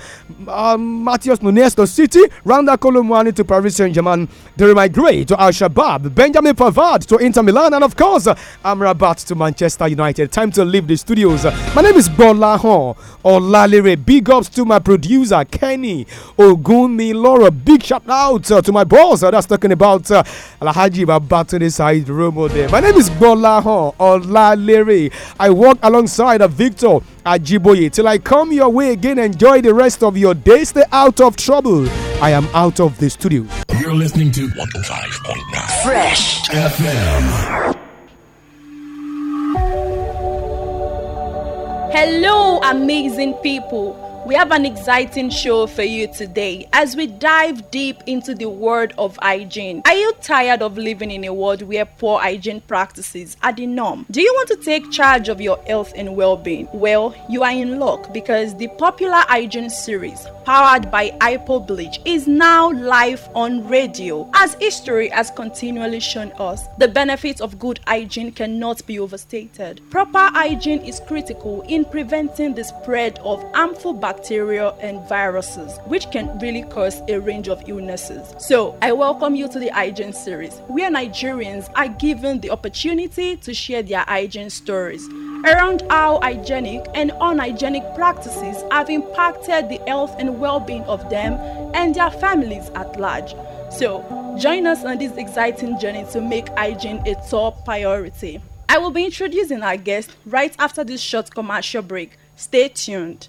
um, Matias Nunes to City, Randa Colomwani to Paris Saint Germain, Jeremiah Gray to Al Shabab, Benjamin Pavard to Inter Milan, and of course, Amrabat to Manchester United. Time to leave the studios. My name is Bola Hon Olalere. Big ups to my producer, Kenny Ogunmi, Laura. Big shout out uh, to my boss uh, that's talking about uh, Alhaji Babatunde Said Romo there. My name is Bola Hon Olalere. I work alongside Victor. Ajiboye. Till I come your way again, enjoy the rest of your day. Stay out of trouble. I am out of the studio. You're listening to 105.9 Fresh FM. Hello, amazing people. We have an exciting show for you today as we dive deep into the world of hygiene. Are you tired of living in a world where poor hygiene practices are the norm? Do you want to take charge of your health and well being? Well, you are in luck because the popular hygiene series, powered by Ipo Bleach, is now live on radio. As history has continually shown us, the benefits of good hygiene cannot be overstated. Proper hygiene is critical in preventing the spread of harmful bacteria bacteria, and viruses, which can really cause a range of illnesses. So, I welcome you to the hygiene series, where Nigerians are given the opportunity to share their hygiene stories around how hygienic and unhygienic practices have impacted the health and well being of them and their families at large. So, join us on this exciting journey to make hygiene a top priority. I will be introducing our guest right after this short commercial break. Stay tuned.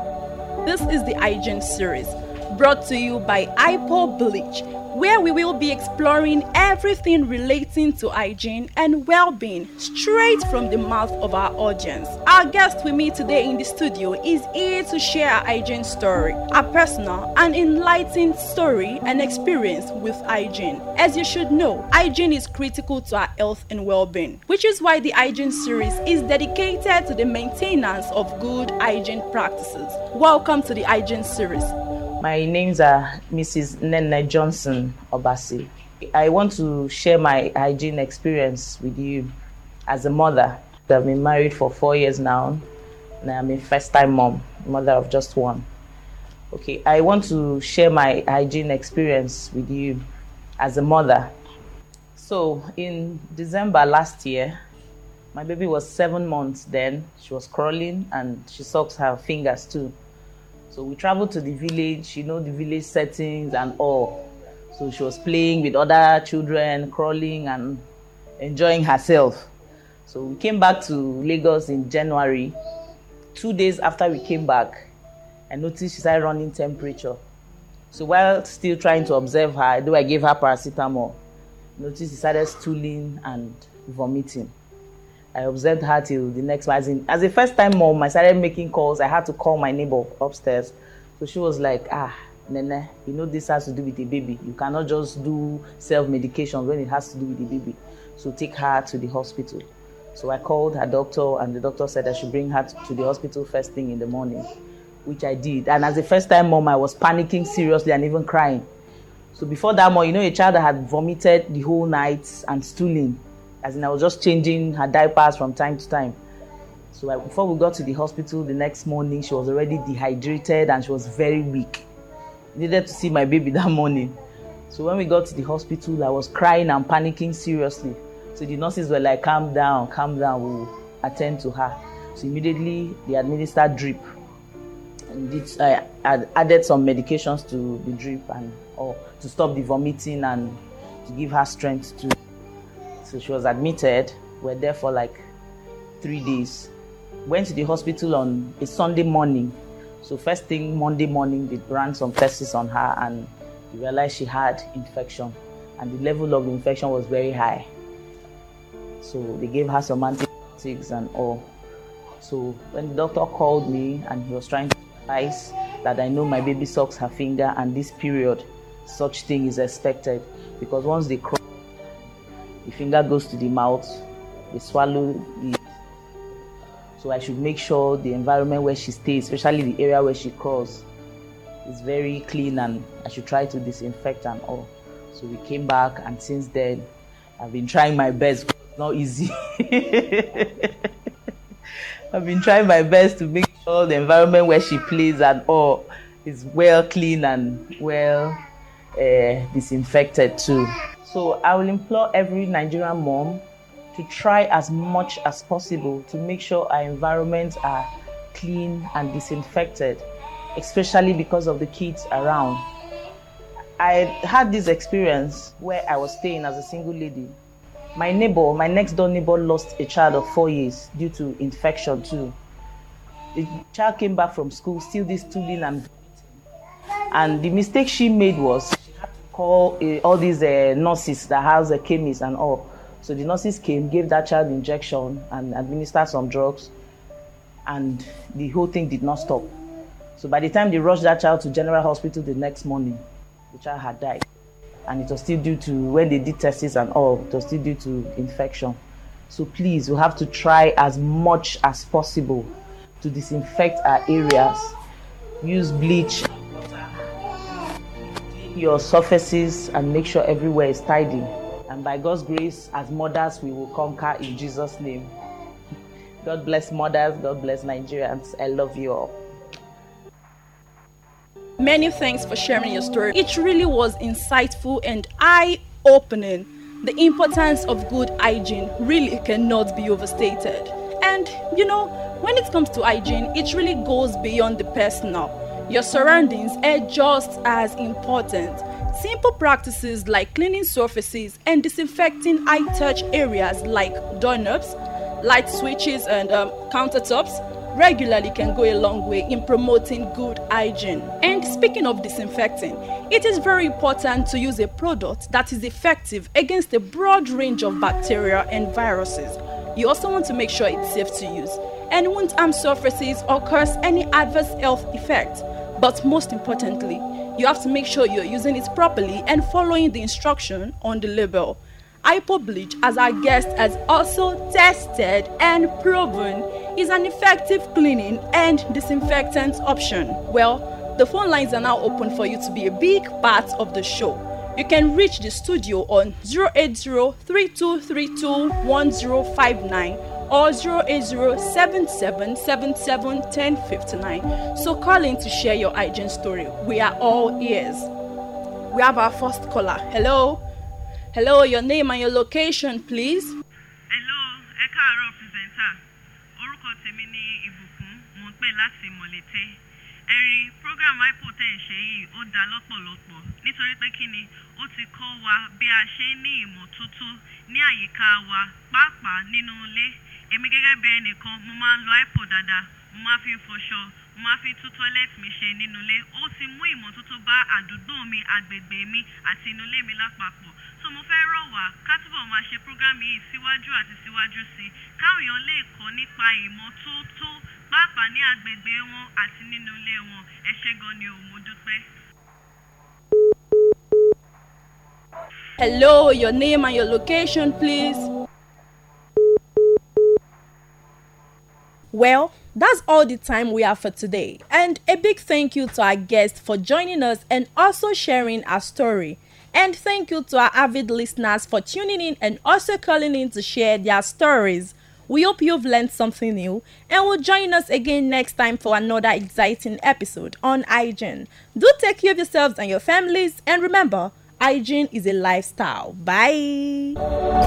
This is the iGen series brought to you by IPO Bleach, where we will be exploring everything relating to hygiene and well being straight from the mouth of our audience. Our guest we meet today in the studio is here to share our hygiene story, a personal and enlightening story and experience with hygiene. As you should know, hygiene is critical to our health and well being, which is why the hygiene series is dedicated to the maintenance of good hygiene practices. Welcome to the hygiene series. My names are Mrs. Nene Johnson Obasi. I want to share my hygiene experience with you as a mother. I've been married for four years now, and I'm a first time mom, mother of just one. Okay, I want to share my hygiene experience with you as a mother. So, in December last year, my baby was seven months then. She was crawling and she sucks her fingers too. So we traveled to the village, you know, the village settings and all. So she was playing with other children, crawling and enjoying herself. So we came back to Lagos in January. Two days after we came back, I noticed she started running temperature. So while still trying to observe her, though I gave her paracetamol, noticed she started stooling and vomiting. I observed her till the next morning. As, in, as a first time mom, I started making calls. I had to call my neighbor upstairs. So she was like, ah, Nene, you know this has to do with the baby. You cannot just do self medication when it has to do with the baby. So take her to the hospital. So I called her doctor, and the doctor said I should bring her to the hospital first thing in the morning, which I did. And as a first time mom, I was panicking seriously and even crying. So before that, mom, you know, a child that had vomited the whole night and stooling as in I was just changing her diapers from time to time. So I, before we got to the hospital the next morning, she was already dehydrated and she was very weak. Needed to see my baby that morning. So when we got to the hospital, I was crying and panicking seriously. So the nurses were like, "Calm down, calm down. We'll attend to her." So immediately they administered drip. And did, I uh, added some medications to the drip and to stop the vomiting and to give her strength to so she was admitted. We're there for like three days. Went to the hospital on a Sunday morning. So first thing Monday morning, they ran some tests on her and they realized she had infection. And the level of infection was very high. So they gave her some antibiotics and all. So when the doctor called me and he was trying to advise that I know my baby sucks her finger and this period, such thing is expected because once they cross the finger goes to the mouth, they swallow it. So I should make sure the environment where she stays, especially the area where she crawls, is very clean and I should try to disinfect and all. So we came back and since then I've been trying my best. It's not easy. I've been trying my best to make sure the environment where she plays and all is well clean and well uh, disinfected too. So I will implore every Nigerian mom to try as much as possible to make sure our environments are clean and disinfected, especially because of the kids around. I had this experience where I was staying as a single lady. My neighbor, my next door neighbor, lost a child of four years due to infection, too. The child came back from school, still this stooling and and the mistake she made was call uh, eh, all these uh, nurses that has a eh, chemist and all. So the nurses came, gave that child injection and administered some drugs, and the whole thing did not stop. So by the time they rushed that child to General Hospital the next morning, the child had died. And it was still due to, when they did tests and all, it was still due to infection. So please, we have to try as much as possible to disinfect our areas, use bleach your surfaces and make sure everywhere is tidy. And by God's grace, as mothers, we will conquer in Jesus' name. God bless mothers, God bless Nigerians. I love you all. Many thanks for sharing your story. It really was insightful and eye opening. The importance of good hygiene really cannot be overstated. And you know, when it comes to hygiene, it really goes beyond the personal your surroundings are just as important. Simple practices like cleaning surfaces and disinfecting high touch areas like doorknobs, light switches, and um, countertops regularly can go a long way in promoting good hygiene. And speaking of disinfecting, it is very important to use a product that is effective against a broad range of bacteria and viruses. You also want to make sure it's safe to use and won't harm surfaces or cause any adverse health effect. But most importantly, you have to make sure you're using it properly and following the instruction on the label. Hypobleach, as our guest has also tested and proven, is an effective cleaning and disinfectant option. Well, the phone lines are now open for you to be a big part of the show. You can reach the studio on 080 3232 1059 or 08077771059. So call in to share your hygiene story. We are all ears. We have our first caller. Hello. Hello, your name and your location, please. Hello, ẹ káàárọ̀ presenter. Orúkọ tèmi ni Ìbùkún, mò ń pè láti program IPO tẹ̀ ń ṣe yìí, ó dá lọ́pọ̀lọpọ̀ nítorí ni ó ti kọ́ wa bí a ṣe ń ní àyíká wa pàápàá nínú ilé èmi gẹ́gẹ́ bí ẹnìkan mo máa ń lo ipo dáadáa mo máa fi fọṣọ mo máa fi tún toilet mi ṣe nínú ilé ó ti mú ìmọ́tótó bá àdúgbò mi agbègbè mi àti inú ilé mi lápapọ̀ so mo fẹ́ rọ̀ wá ká máa ṣe program yìí síwájú àti síwájú sí i káwọn èèyàn lè kọ́ nípa ìmọ́tótó pàápàá ní agbègbè wọn àti nínú ilé wọn ẹ ṣé gan ni òun mo dúpẹ́. Hello, your name and your location, please. Well, that's all the time we have for today. And a big thank you to our guest for joining us and also sharing our story. And thank you to our avid listeners for tuning in and also calling in to share their stories. We hope you've learned something new and will join us again next time for another exciting episode on hygiene. Do take care of yourselves and your families and remember, hygiene is a lifestyle. Bye.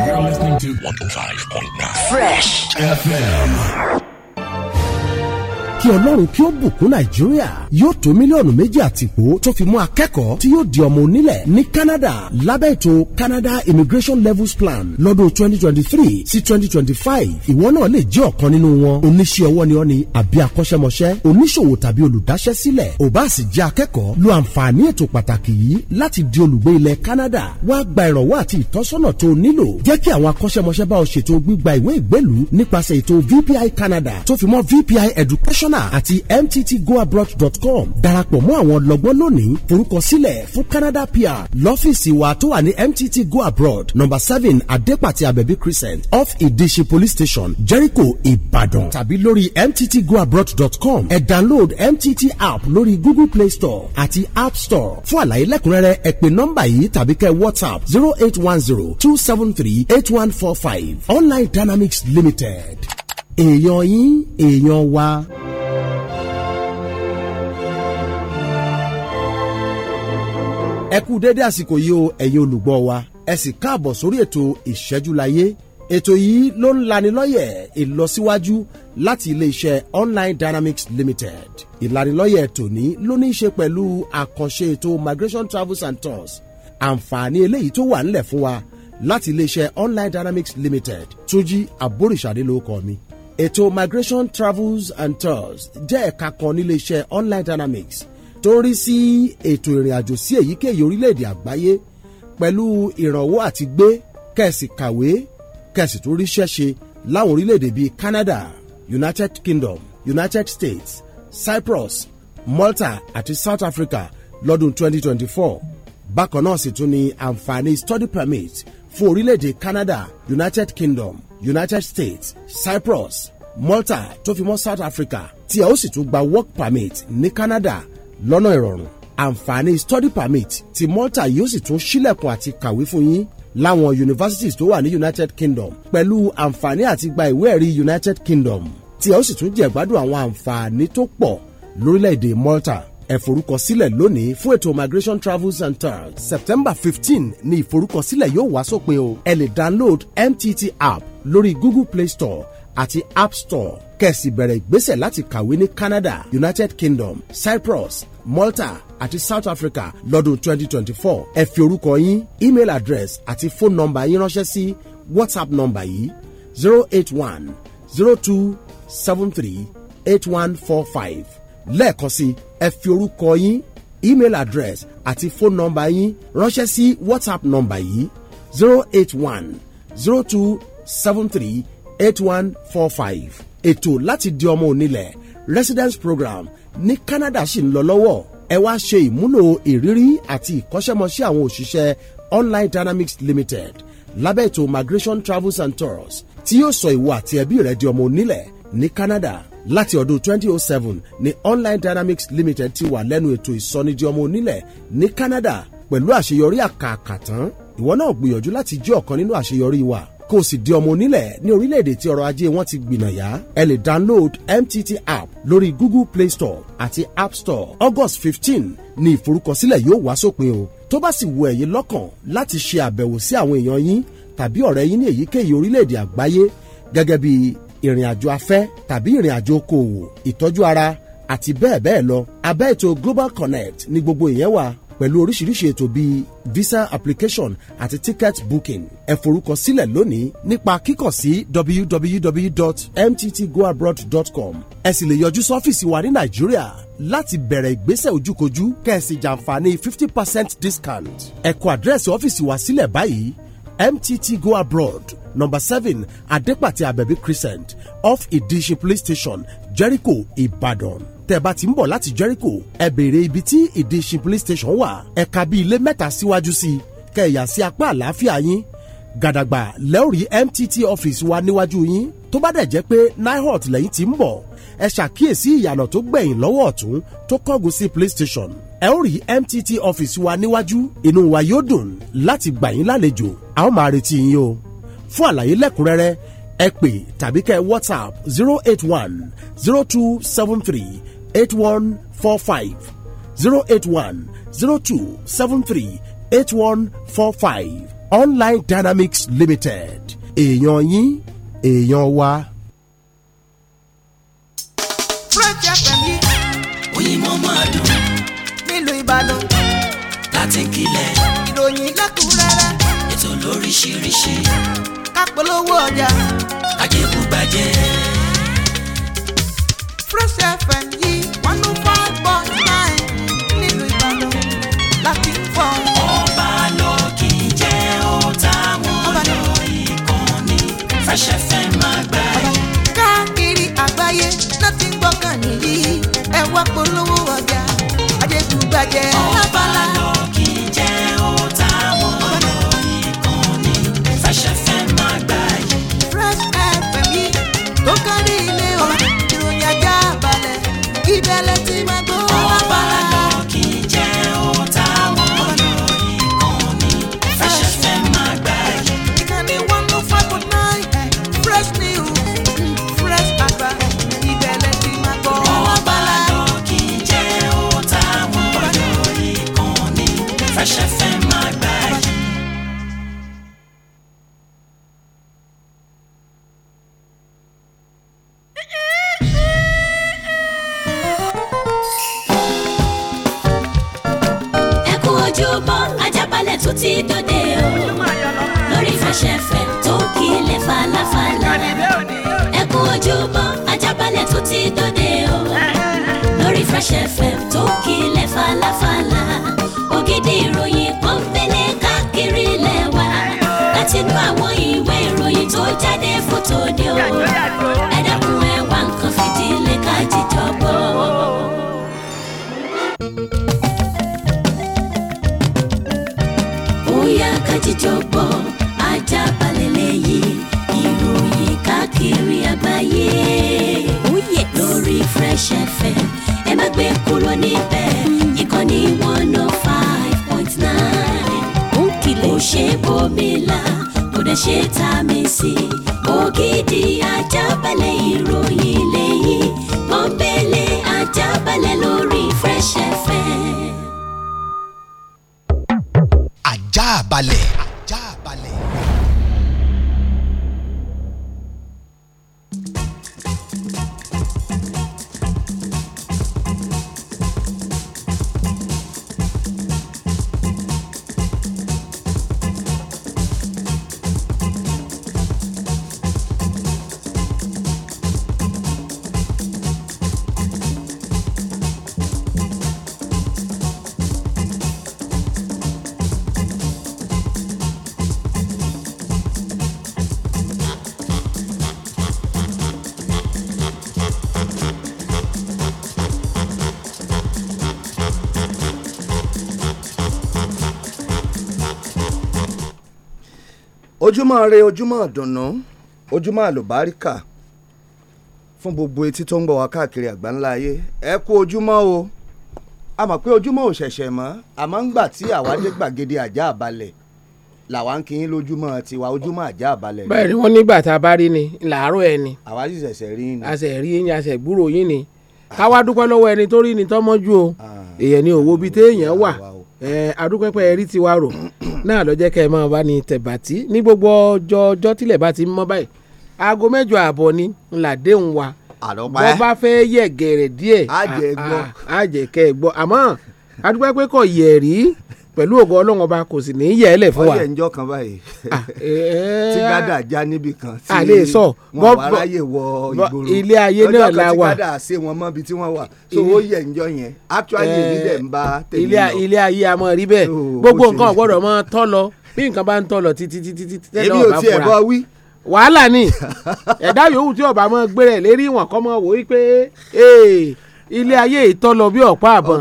You're listening to 105.9 Fresh FM. kí ọlọ́run kí ó bùkún nàìjíríà yóò tó mílíọ̀nù méjì àtìpó tó fi mú akẹ́kọ̀ọ́ tí yóò di ọmọ onílẹ̀ ní canada lábẹ́ ètò canada immigration levels plan lọ́dún 2023 twenty three sí twenty twenty five ìwọ náà lè jẹ́ ọ̀kan nínú wọn oníṣẹ́ ọwọ́ ni ọ́ ni àbí akọ́ṣẹ́mọṣẹ́ oníṣòwò tàbí olùdáṣẹ́ sílẹ̀ ò bá sì jẹ́ akẹ́kọ̀ọ́ lo àǹfààní ètò pàtàkì yìí láti di olùgbé ilẹ̀ canada wá gba ìrọ̀wọ́ àti ìtọ́sọ́nà tó o nílò jẹ́ kí àwọn akọ́ṣẹ́mọṣẹ́ bá ọ ṣètò gbígba ìwé ìgbélùú nípasẹ̀ ètò vpi canada tó fi mọ́ vpi education correspondent àti mttgoabroad.com darapọ̀ mọ́ àwọn lọ́gbọ́n lónìí forúkọsílẹ̀ fún Canada PR lọ́fíìsì wa tó wà ní MTT Go Abroad number seven Adepati Abebi Crescent off Idishi police station Jericho Ibadan tàbí lórí mttgoabroad.com ẹ download MTT app lórí Google Play Store àti App Store fún àlàyé lẹ́kùnrẹ́rẹ́ ẹ pè nọ́mbà yìí tàbí kẹ́ WhatsApp zero eight one zero two seven three eight one four five Online Dynamics Limited èèyàn yín èèyàn wa. ẹ kú dédé àsìkò yìí o ẹ̀yin olùgbọ́ wa ẹ sì káàbọ̀ sórí ètò ìṣẹ́jú láyé ètò yìí ló ń lanilọ́yẹ̀ ìlọsíwájú láti iléeṣẹ́ Online Dynamics Limited ìlanilọ́yẹ̀ tòní ló ní í ṣe pẹ̀lú àkànṣe ètò Migration Travels and Tours àǹfààní eléyìí tó wà ńlẹ̀ fún wa láti iléeṣẹ́ Online Dynamics Limited Túnjí Àbóríṣàdé ló kọ mi ètò migration travels and tours jẹ́ ẹ̀ka kan nílé iṣẹ́ online dynamics tó ń rí sí ètò ìrìnàjò sí èyíkéyìí orílẹ̀-èdè àgbáyé pẹ̀lú ìrànwọ́ àti gbé kẹ̀sì kàwé kẹ̀sì tó ríṣẹ́ ṣe láwọn orílẹ̀-èdè bíi Canada United Kingdom United States Cyprus Malta àti South Africa lọ́dún 2024 bákan náà sì tún ní àǹfààní study permit fún orílẹ̀-èdè Canada United Kingdom United States Cyprus Malta tó fi mọ́ South Africa tí a ó sì tún gba work permit ní Canada lọ́nà ìrọ̀rùn àǹfààní study permit ti Malta yóò sì tún ṣílẹ̀kùn àti kàwé fún yín láwọn universities tó wà ní United Kingdom pẹ̀lú àǹfààní àti gba ìwé ẹ̀rí United Kingdom tí a ó sì tún jẹ̀gbádùn àwọn àǹfààní tó pọ̀ lórílẹ̀‐èdè Malta ẹ forúkọsílẹ̀ lónìí fún ètò migration travels and tours september fifteen ni ìforúkọsílẹ̀ yóò wá sópin o ẹ lè download mtt app lórí google play store àti app store kẹ̀sì bẹ̀rẹ̀ ìgbésẹ̀ láti kàwé ní canada united kingdom cyprus malta àti south africa lọ́dún twenty twenty four ẹ fi orúkọ yín email address àti phone number yín ránṣẹ́ sí whatsapp number yìí zero eight one zero two seven three eight one four five lẹ́ẹ̀kan sí ẹ fi orúkọ yín email address àti phone number yín ránṣẹ́ sí whatsapp number yìí zero eight one zero two seven three eight one four five ètò láti di ọmọ onílẹ̀ residence program ní Canada ṣì ń lọ lọ́wọ́ ẹ wá ṣe ìmúlò ìrírí àti ìkọ́ṣẹ́mọṣẹ́ àwọn òṣìṣẹ́ Online Dynamics Limited lábẹ́ ètò migration travels and tours tí yóò sọ ìwọ àti ẹbí rẹ di ọmọ onílẹ̀ ní Canada láti ọdún 2007 ni Online Dynamics Limited ti wà lẹ́nu ètò ìsọnidi ọmọ onílẹ̀ ní Canada pẹ̀lú àṣeyọrí àkàkàtàn ìwọ náà gbìyànjú láti jẹ́ ọ̀kan nínú àṣeyọrí wa kó sì di ọmọ onílẹ̀ ní orílẹ̀-èdè tí ọrọ̀ ajé wọn ti gbìnàyà ẹ lè download MTT app lórí Google Play Store àti App Store August 15 ni ìforúkọsílẹ̀ yóò wá sópin o tó bá sì wù ẹ̀yin lọ́kàn láti ṣe àbẹ̀wò sí àwọn èèyàn yín tàbí ọ̀rẹ́ yín ní èyíkéyìí orílẹ̀-èdè àgbáyé gẹ́gẹ́ bí ìrìn àjò afẹ́ tàbí ìrìn okòwò ìtọ́jú ara àti bẹ́ẹ̀ bẹ́ẹ̀ lọ abẹ́ ètò Global Connect ní gbogbo ìyẹn wà pẹ̀lú oríṣiríṣi ètò bíi visa application àti ticket booking ẹ forúkọ sílẹ̀ lónìí nípa kíkọ̀ sí www.mttgoabroad.com ẹ sì lè yọjú sọ́fíìsì wa ní nàìjíríà láti bẹ̀rẹ̀ ìgbésẹ̀ ojúkojú kẹ̀sì jàǹfààní fifty percent discount ẹ kọ àdírẹ́sì ọ́fíìsì wa sílẹ̀ báyìí mttgoabroad number seven adepati abebi crescent off idishi police station jericho ibadan tẹ́ bá ti ń bọ̀ láti jericho ẹ béèrè ibi tí ìdíṣin police station wà ẹ̀ka bíi ilé mẹ́ta síwájú sí i kẹ̀yà sí apá àlàáfíà yín gàdàgbà lẹ́ọ̀rí mtt office wa níwájú yín tó bá dẹ̀ jẹ́ pé nihot lẹ́yìn tí ń bọ̀ ẹ ṣàkíyèsí ìyànà tó gbẹ̀yìn lọ́wọ́ ọ̀tún tó kángun sí police station ẹ ó rí mtt office wa níwájú inú wa yóò dùn láti gbà yín lálejò a ó máa retí yín o fún àlàyé lẹ́kùnrẹ́rẹ́ ẹ pè tàbí kẹ́ whatsapp zero eight one zero two seven three eight one four five zero eight one zero two seven three eight one four five online dynamics limited èèyàn yín èèyàn wa. fresh fm òyìnbó máa dùn. nílùú ìbàdàn. láti kílẹ̀. ìròyìn lẹ́kùnrẹ́rẹ́. ètò lóríṣiríṣi ká polówó ọjà. àjẹkùbàjẹ́. Fresh FM yìí one two oh five point nine nílùú Ìbàdàn láti ń fọ. ọba lọ kì í jẹ́ ọ̀tá wọn lọ ìkànnì Fresh FM máa gbà yìí. káàkiri àgbáyé láti ń gbọ́kàn nìyí ẹ polówó. Fresh FM tó kílẹ̀ falafala ògidì ìròyìn kan fẹ́lẹ̀ káàkiri lẹ́wà látinú àwọn ìwé ìròyìn tó jáde fótó de o ìkànnì bẹ́ẹ̀ ìkànnì one oh five point nine. ó kìlẹ̀ kò ṣe bómi la kò dẹ̀ ṣe tá a mi sí. ògidì ajábalẹ̀ ìròyìn lẹ́yìn pọ́npẹ́lẹ́ ajábalẹ̀ lórí Fresh FM. Ajábalẹ̀. ojúmọ́ re ojúmọ́ dùnú ojúmọ́ àlùbáríkà fún gbogbo etí tó ń gbọ́ wá káàkiri àgbáńlá ayé ẹ kú ojúmọ́ o a mọ̀ pé ojúmọ́ ò ṣẹ̀ṣẹ̀ mọ́ àmọ́ ń gbà tí àwa dé gbàgede àjà àbalẹ̀ làwa ń kí yín lójúmọ́ tiwa ojúmọ́ àjà àbalẹ̀. bẹ́ẹ̀ ni wọ́n nígbà tá a bá rí ni làárọ̀ ẹ ni. àwa sì ṣẹ̀ṣẹ̀ rí ni. a ṣẹ̀ rí yín a ṣẹ̀ gbúrò yín ni káwá dúpẹ́ lọ́wọ́ ẹni tó rí ni tọ́mọ́jú o èèyàn ah. ni òwò bíi téèyàn wà adúpẹ́pẹ́ ẹ̀rí tiwa rò náà ló jẹ́ kẹ́ ẹ máa bá ní tẹ̀bàtì ní gbogbo ọjọ́ ọjọ́ tílẹ̀ bá ti ń mọ́ báyìí aago mẹ́jọ àbọ̀ ni làdéhùn wa bọ́ bá fẹ́ yẹ̀ gẹ̀rẹ̀ díẹ̀ àjẹkẹ́ gbọ́ àmọ́ adúpẹ́pẹ́ kọ̀ yẹ̀ rí pẹ̀lú ògo ọlọ́run ọba kò sì ní í yẹ ẹ lẹ̀ fún wa. ọyẹ njọ kan báyìí ah, tí eh, gádà já níbì kan tí wọn wà ráyè wọ ìgboro ilé ayé náà la wà ọjọ́ kan tí gádà ṣe wọn mọ́ ibi tí wọ́n wà so ó yẹ njọ yẹn actually eh, èmi dẹ̀ ń bá tèmi lọ. ilé ayé a mọ̀ rí bẹ́ẹ̀ gbogbo nǹkan ọ̀gbọ́dọ̀ mọ́ tọ́ lọ bí nǹkan bá ń tọ́ lọ títí títí títí tẹ́lẹ̀ ọ̀bá fura wàhálà ni ẹ̀dá yòówù tí ọba mọ́ gbé rẹ̀ lérí wọn kọ́ mọ́ wò ó pé ee ilé ayé ìtọ́lọ bí ọ̀pá àbọ̀n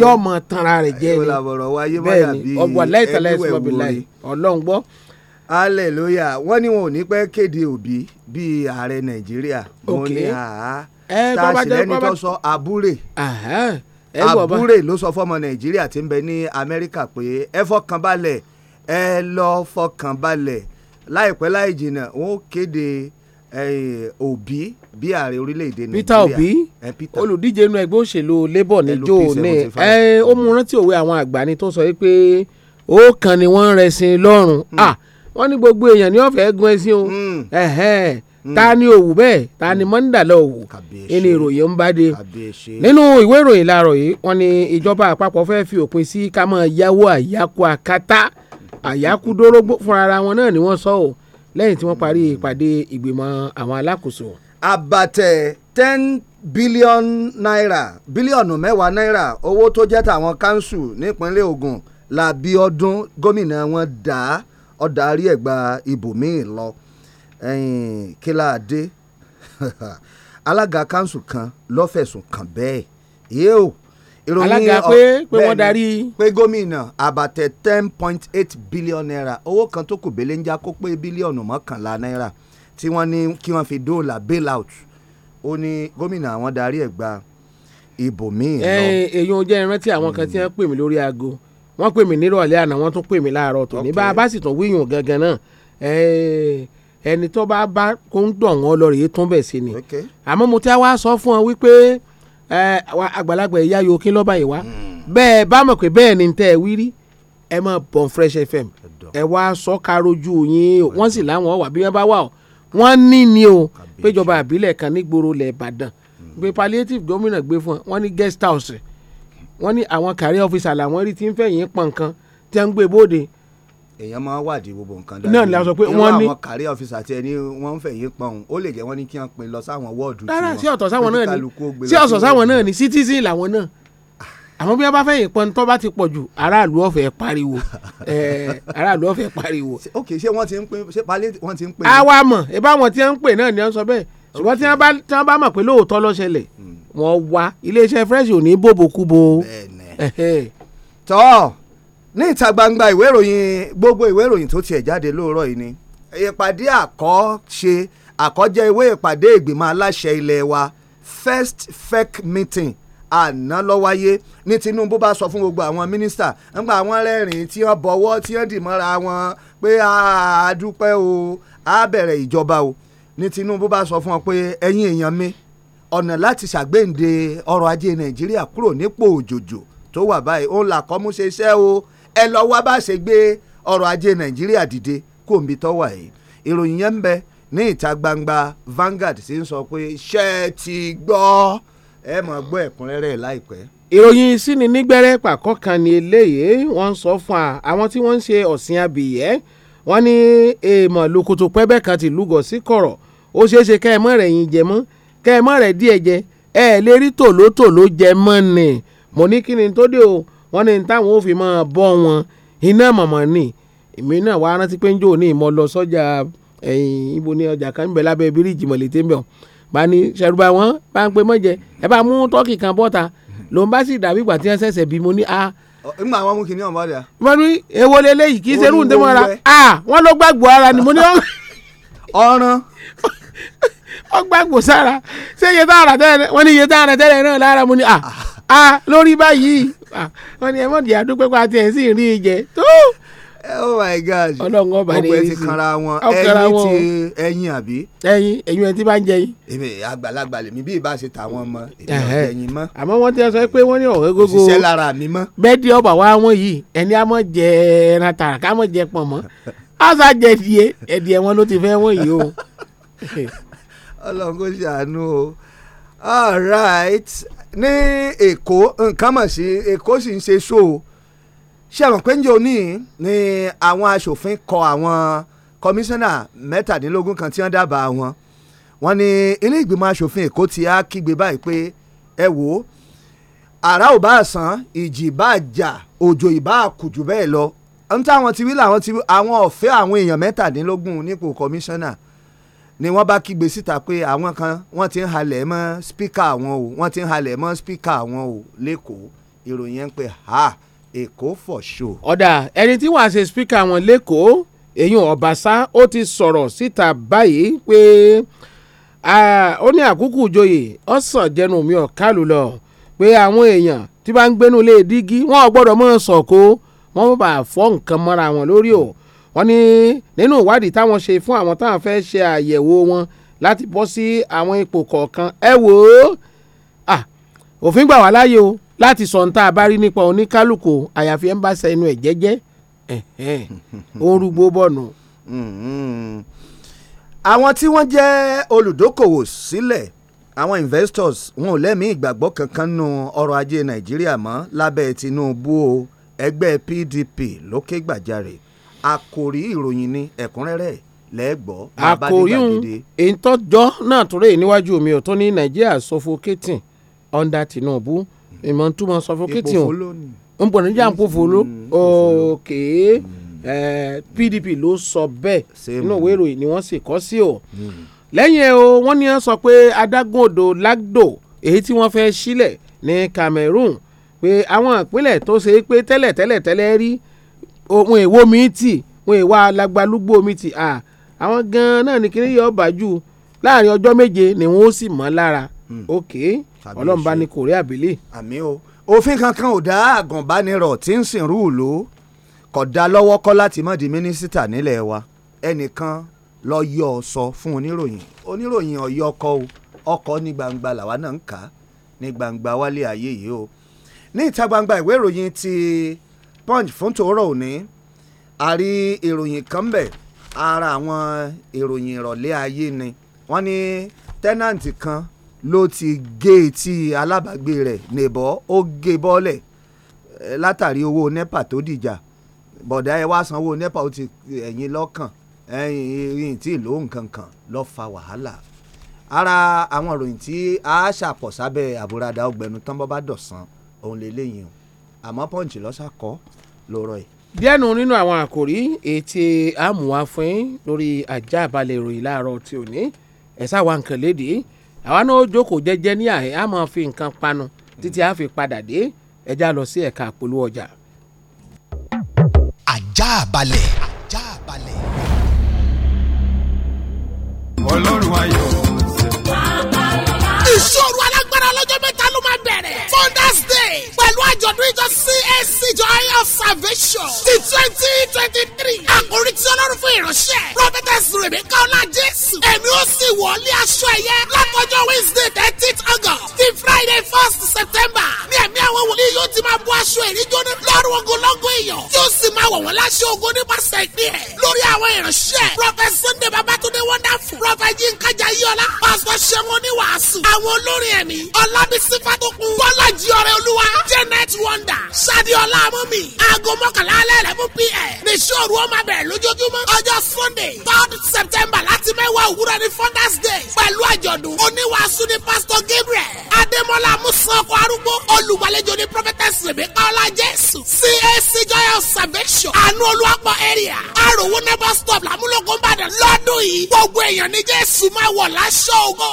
yóò mọ tanra rẹ̀ jẹ́ ni bẹ́ẹ̀ ni ọ̀gbà láìtàlá ẹ̀sìn ọ̀bì láì ọlọ́run gbọ́. hallelujah wọ́n ní wọn ò ní pẹ́ kéde òbí bíi ààrẹ nàìjíríà mo ní àá tá a sì lẹ́ni tó sọ àbúrè àbúrè ló sọ fọ́mọ nàìjíríà tí ń bẹ ní amẹ́ríkà pé ẹ fọkàn balẹ̀ ẹ lọ fọkàn balẹ̀ láìpẹ́ láì jìnnà wọn ó kéde òbí bí ààrẹ orílẹ̀-èdè nàìjíríà Peter Obi olùdíje inú ẹgbẹ́ òṣèlú labour ní joe ẹ ó mú rántí òwe àwọn àgbà ni tó sọ pé ó kàn ni wọ́n ń rẹ̀sìn lọ́rùn ah hmm. wọ́n ní gbogbo èèyàn ní ọ̀fẹ́ gun ẹṣin o hmm. Hmm. ta ni òwú bẹ́ẹ̀ ta ni mọ́ńdàlọ́ òwú ẹni ìròyìn ń bá dé nínú ìwé ìròyìn láàárọ̀ yìí wọ́n ní ìjọba àpapọ̀ fẹ́ fi òpin sí ká máa yáwó àyákú akátá àyákú dórógbó fúnra wọn náà ni wọ́n sọ ọ́ lẹ́yìn tí wọ́n parí ìpàdé ìgbìmọ̀ àwọn alákòóso àbàtẹ̀ ten billion naira bílíọ̀nù mẹ́wàá náírà owó tó jẹ́ tàwọn kanṣu nípínlẹ̀ ogun làbí ọdún gómìnà wọn dá ọ̀dà àrí ẹ̀gbà ibòmíì lọ kíláàdé alága kanṣu kan ló fẹ̀sùn kàn bẹ́ẹ̀ yóò ìròyìn alága pé pé wọ́n darí. pé gómìnà àbàtẹ̀ ten point eight billion naira owó kan tó kù bẹ́lẹ́ ń já kó pé bílíọ̀nù mọ́kànlá naira tí wọ́n ní kí wọ́n fi dóòlà bail out ó ní gómìnà àwọn darí ẹ̀ gba ìbò míì lọ. èyí ò jẹ́ ìrántí àwọn kan tí wọ́n pè mí lórí aago wọ́n pè mí nírọ̀lẹ́ àná wọ́n tún pè mí láàárọ̀ tó ní bá a bá sì tún wíyùn gangan náà ẹni tó bá bá kó ń dàn wọ́n lọ rèé tún bẹ̀ sí ni àmọ́ mo ti wá sọ fún ọ wípé àgbàlagbà ìyá yòókín lọ́ba ìwá hmm. bẹ́ẹ̀ bá mọ̀ pé bẹ́ẹ̀ ni tẹ́ ẹ wí rí ẹ mọ̀ bọ̀n Fresh FM ẹ wá sọ karojú yín wọ́n sì láwọn wà bí wọ́n bá wà ọ́ wọ́n ní ni o péjọba àbílẹ̀ kan nígboro lẹ̀ ìbàdàn hmm. pé palliative gómìnà gbé fún wọn ní guest house wọ́n ní àwọn career officer làwọn rí tí ń fẹ̀yìn pọ̀ nǹkan tí wọ́n ń gbé bóde. èèyàn máa wádìí gbogbo nǹkan dáadáa náà la sọ pé wọ́n ní àwọn career officer tí ẹni wọ́n ń fẹ̀yìn pọ̀ ọ̀hún ó lè jẹ́ wọ́n ní kí wọ́n pin lọ sáwọn wọ́ọ̀dù tí wọ́n kí kálukú ó gbé lọ sí ọ̀sán sáwọn náà ní citizen làwọn náà àmọ́ bí wọ́n bá fẹ́ ìpọn tó bá ti pọ̀ jù aráàlú ọ̀fẹ́ pariwo aráàlú ọ̀fẹ́ pariwo. ok ṣé wọ́n ti ń pè ṣé palẹ́ wọ́n ti ń pè. àwa mọ̀ ìbá wọn ti ń pè náà ni wọ́n sọ bẹ́ẹ̀ ṣùgbọ́n tí wọ́n bá mọ̀ pé lóòótọ́ ló ṣẹlẹ̀ hmm. wọ́n wá iléeṣẹ́ fresh ò ní bòbò kú bo. tọ́ ní ìta gbangba ìwé ìròyìn gbogbo ìwé ìròyìn tó tiẹ̀ jáde lóòrọ̀ yìí ni ìpàdé first FEC meeting àná ló wáyé ní Tinubu bá sọ fún gbogbo àwọn mínísítà ńgbà àwọn rẹ́rìn tí wọ́n bọ̀wọ́ tí wọ́n dì mọ́ra wọn pé a dúpẹ́ o a bẹ̀rẹ̀ ìjọba o ní Tinubu bá sọ fún wọn pé ẹ̀yin èèyàn mi ọ̀nà láti ṣàgbéǹde ọrọ̀ ajé Nàìjíríà kúrò nípò òjòjò tó wà báyìí òun là kọ́ mú ṣe iṣẹ́ o ẹ lọ wá bá ṣe gbé ọrọ̀ ajé Nàìjíríà dìde kó omi tọ́ wà yìí ìròyìn yẹn ń bẹ ní ìta gbangba Vanguard sì ń sọ pé ṣẹ́ ti gbọ́ ẹ máa gbọ́ ẹ̀kúnrẹ́rẹ́ láìpẹ́. ìròyìn sí ni nígbẹ́rẹ́ pàkọ́ kan ni eléyìí wọ́n sọ fún wa àwọn tí wọ́n ń ṣe ọ̀sìn abìyẹ́ wọ́n ní èèmọ̀ lókòtò pẹ́bẹ́ kan ti lúgọ̀ sí kọ̀rọ̀ ó ṣeé ṣe kẹ́ ẹ mọ́ rẹ̀ yín jẹ mọ́ kẹ́ ẹ mọ́ rẹ̀ díẹ̀ jẹ ẹ lè rí tòlótòló jẹ mọ́ ni mo ní kí ni tó dé o wọ́n ní táwọn ò fi mọ́ bọ́ wọn iná mọ̀mọ́ ni èmi náà wàá rántí pé ń jò ní ìmọ̀ lọ sọ́jà ẹ̀yìn ibo ni ọjà kan ń bẹ lábẹ́ bíríìjì mọ̀lẹ́tẹ́mbẹ̀ọ́ bani ní ṣẹrúbà wọn bá ń pe mọ́jẹ ẹ bá mú tọ́kì kan bọ́ta ló ń bá sì dàbí ìgbà tí wọ́n ṣẹ̀ṣẹ̀ bí mo ní a. nígbà wọn mú kinní ọ̀nbá rẹ̀. wọ́n ní èwo leléyìí kì í ṣerú ní tẹ́wọ́n ra a wọ́n ló gbàgbọ́ ara ni mo ní ọ̀ràn wọ́n gbàgbọ́ sára ṣé iye tá a rà tẹ́lẹ̀ wọ́n ní iye tá a rà náà lára mo ní a a lórí báyìí wọ́n ní ẹ mọ̀ díà dúpẹ́ pa tiẹ̀ sí ìrí ìjẹ tó oh my god ọlọ́run ọba ní èyí ti kanra wọn ẹyin ti ẹyin àbí. ẹyin ẹyin ẹni tí bá ń jẹ yín. èmi àgbàlagbà lèmi bí ìbá ṣe tàwọn ọmọ èmi ò jẹyin mọ́. àmọ́ wọ́n ti sọ pé wọ́n ní ọ̀rẹ́ gógó òṣìṣẹ́ lára mi mọ́. bẹ́ẹ̀ di ọba wa wọn yìí ẹni a mọ̀ jẹ ẹran tààrà ká mọ̀ jẹ pọ̀ mọ́ a jẹ ẹdìyẹ ẹdìyẹ wọn ló ti fẹ́ wọ́n yìí o. ọlọ́run kò ṣàánú o all right ní èkó nǹkan mọ̀ sí èkó sì ń ṣe ṣóò ṣé àwọn péńjẹ òní ni àwọn aṣòfin kọ àwọn kọmíṣánná mẹ́tàdínlógún kan tí wọ́n dábàá wọn wọ́n ní ilé ìgbìmọ̀ aṣòfin èkó ti á kígbe báyìí pé ẹ wò ó àrà ò bá sàn ìjì bá jà òjò ìbá kùjù bẹ́ẹ̀ lọ ń táwọn ti wí làwọn ti àwọn ọ̀fẹ́ àwọn èèyàn mẹ́tàdínlógún nípò kọmíṣánná ni wọ́n bá kígbe síta pé àwọn kan wọ́n ti ń halẹ̀ mọ́ spíkà wọn o wọ́n ti ń halẹ̀ mọ́ spíkà wọn o lẹ́kọ̀ọ́ ìròyìn ń pè ha èkó for show. ọ̀dà ẹni tí wàá ṣe spíkà wọn lẹ́kọ̀ọ́ èyí ọ̀básá ó ti sọ̀rọ̀ síta báyìí pé ó ní àkúkú ìjòyè ọ̀sán jẹnu mi ọ̀kálù lọ pé àwọn èèyàn tí bá ń gbénu lé dígí wọn ò gbọ́dọ̀ mọ̀ sọ̀kò wọn bá fọ́ nǹkan mọ́ra wọn lórí o wọ́n ní nínú ìwádìí táwọn ṣe fún àwọn táwọn fẹ́ ṣe àyẹ̀wò wọn láti bọ́ sí àwọn ipò kọ̀ọ̀kan ẹ wò ó òfin gbà wá láyè o láti sọ̀n tá a bá rí nípa oníkálukú àyàfi ẹ̀ ń bá sa inú ẹ̀ jẹ́jẹ́ ó ń rúgbó bọ̀nù. Mm-hmm. àwọn tí wọ́n jẹ́ olùdókòwò sílẹ̀ àwọn investors wọn ò lẹ́mìí ìgbàgbọ́ kankan nù ọrọ̀ ajé nàìjíríà mọ́ lábẹ́ tinubu o ẹgbẹ́ pdp lókè gbàjarè àkòrí ìròyìn ní ẹ̀kúnrẹ́rẹ́ lẹ́gbọ́ àkòrí ìtọ́jọ́ náà tó rẹ̀ níwájú mi ò tó ní nàìjíríà suffocating under tinubu. No ìmọ̀ tó mọ̀ suffocating o ń pọ̀ níjà ń pòfòló òkè PDP ló sọ bẹ́ẹ̀ nínú ìwé ìròyìn ni wọ́n sì kọ́ sí o mm. lẹ́yìn ẹ̀ o wọ́n ní wọ́n sọ pé adágún odò lagdo èyí tí wọ́n fẹ́ sílẹ̀ ní Cameroon pé àwọn ìpínlẹ̀ tó ṣe é pé tẹ́lẹ̀ tẹ́lẹ̀ tẹ́lẹ̀ rí ohun èwo mi tì ohun èwa alagbalúgbò mi tì àwọn gan-an náà ní kíní yọ ọ́ bàjú láàrin ọjọ́ méje ni wọ́n ó sì mọ́ lára Hmm. ok ọlọ́run bá ní kò rí àbílẹ̀. àmì o òfin kankan ò dá àgùnbánirọ̀ tí ń sìn rúùlù kò dá lọ́wọ́ kọ́ láti má di mínísítà nílẹ̀ wa ẹnìkan lọ yọ ọ sọ fún oníròyìn oníròyìn ọyọ ọkọ o ọkọ ní gbangba làwa náà ń kà á ní gbangba wálé ayé yìí o ní ìta gbangba ìwé ìròyìn ti punch fún tòórọ òní a ìròyìn kan bẹ ara àwọn ìròyìn ìrọ̀lẹ́ ayé ni wọ́n ní tẹ́nàǹtì kan ló ti gé etí alábàágbé rẹ̀ nìbọ́ ó gé bọ́ọ̀lẹ̀ látàrí owó nepa tó dìjà bọ̀dá ẹ wá sanwó nepa ó ti ẹ̀yìn lọ́kàn ẹ̀yìn tí ìlú nǹkan kan fa wàhálà ara àwọn ìròyìn tí a ṣàpọ̀ sábẹ́ àbúradà ọgbẹ̀nu tán bọ́ bá dọ̀sán òun lè léyìn o àmọ́ pọ́ǹchì lọ́sàkọ́ lọ́rọ̀ ẹ̀. díẹ̀ nù nínú àwọn àkòrí ètè àmùwáfín lórí ajá ìròyìn láàárọ̀ tí ò ní ẹ̀ sáwọn nǹkan lédè àwa náà ó jókòó jẹ́jẹ́ ní àyè á máa fi nǹkan panu títí a fi padà dé ẹja lọ sí ẹ̀ka àpolówó ọjà. ajá balẹ̀. ajá balẹ̀. ọlọ́run ayọ̀. Sunday pẹ̀lú àjọ̀dún ìjọ CAC Joy of Salvation ti twenty twenty three. Àkòrí tí Ọlọ́run fún ìránṣẹ́. Prophetess Rebecca Ọlá Jésù. Èmi ó sì wọlé aṣọ ẹ̀yẹ látọjọ́ Wednesday thirteenth August ti Friday first September. Ní ẹ̀mí àwọn wòlíì yóò ti máa bọ́ aṣọ ìríjóná lọ́rùn ogunlọ́gọ̀ èèyàn. Yóò sì máa wọ̀ wọ́n láṣọ ogun nípasẹ̀ ìpín ẹ̀. Lórí àwọn ìránṣẹ́. Prophet Sunday Babatunde Wonderful. Prophet Yinka Jayiola. Pastor Ṣẹ́gun Oníwàásù. Àwọn olórin ẹ̀mí. Ọlábísí Fátókun. Bọ́lájì ọ̀rẹ́ olú olúwa janet wonder sadiola mọ́mì aago mọ́kànlá alẹ́ rẹ̀ fún pm ní sọ́ọ̀rù ó máa bẹ̀rẹ̀ lójoojúmọ́ ọjọ́ sunday third september láti mẹ́wàá òwúrọ̀ ní founders day pẹ̀lú àjọ̀dún oníwàásù ní pastor gabriel adémọlá musoko arúgbó olùgbàlejò ní prophetess rebecca ọlájẹ́sù cac joy of salvation àánú olúwapọ̀ area àròwọ́ never stop làmúlòkó ń bàdàn lọ́dún yìí gbogbo èèyàn ní jésù máa wọ̀ láṣọ ògo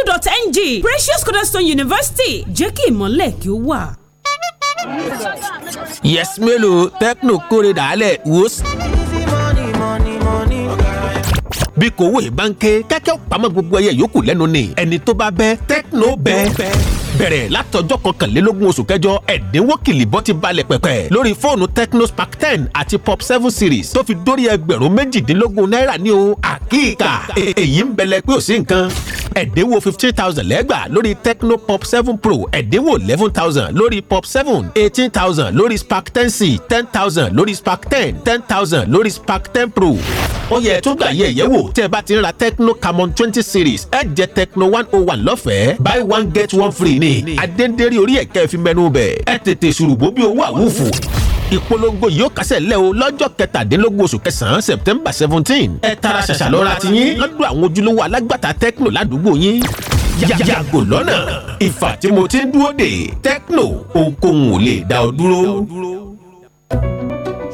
edu.ng Precious Cornerstone University jẹ́ kí ìmọ̀lẹ̀ kí ó wà. yes mélòó tẹ́kínò kórè dàálẹ̀ wòs bí kò wòye bá ń ké kẹ́kẹ́ pamọ́ gbogbo ẹyẹ yòókù lẹ́nu ni ẹni tó bá bẹ́ tẹ́kínò bẹ́ẹ̀ bẹ̀rẹ̀ látọjọ́ kọkànlélógún oṣù kẹjọ ẹ̀dínwó kìlìbọ́ ti balẹ̀ pẹ̀pẹ̀ lórí fóònù Tecno Spark ten àti Pop seven series tó fi dórí ẹgbẹ̀rún méjìdínlógún náírà ní o àkíkà èyí ń bẹ̀lẹ̀ pé ò sí nǹkan ẹ̀dínwó fifteen thousand lẹ́gbàá lórí techno Pop seven pro ẹ̀dínwó eleven thousand lórí Pop seven eighteen thousand lórí Spark ten c ten thousand lórí Spark ten ten thousand lórí Spark ten pro ó yẹ tó gbà yẹ ìyẹ̀wò tẹ́ ẹ bá ti ń ra Tecno Camon twenty series ẹ jẹ́ techno one oh one lọ́fẹ̀ẹ́ buy one get one free ní ni adédèrè orí ẹ̀kẹ́ fi mẹ́nu bẹ̀ ẹ tètè ṣùrùgbó bí owó àwùfù ìpolongo yìí ó kásẹ̀ lẹ́ o lọ́jọ́ kẹtàdínlógún oṣù kẹsàn-án september seventeen ẹ tara ṣàṣà lọ́ra ti yín lọ́dọ̀ àwọn ojúlówó alágbàtà tẹ́kínò ládùúgbò yín yàgò lọ́nà ìfà tí mo ti ń dúró dè tẹ́kínò ohunkóhun lè dá ọ dúró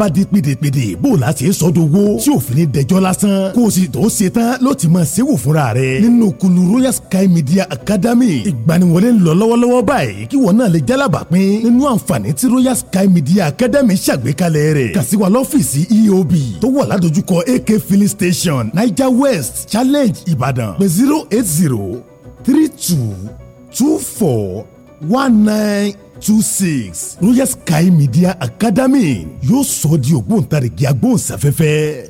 bá di pèdèpèdè bó la ṣe wo, tí òfin ni dẹjọ́ lásán kó o sì tó ṣe tán ló ti máa ṣe wò fúnra rẹ̀ nínú kulu royal sky media academy ìgbaniwọlé ń lọ lọ́wọ́lọ́wọ́ báyìí kí wọ́n náà lè jálábàápín nínú àǹfààní tí royal sky media academy ṣàgbékalẹ̀ rẹ̀ kà sí lọ́fíìsì eob tó wà ládojúkọ ak filling station niger west challenge ìbàdàn pé zero eight zero three two two four one nine two six Royal Sky Media Academy yóò sọ ọ́ di ògbóǹtarìgì agbóhùnsáfẹ́fẹ́.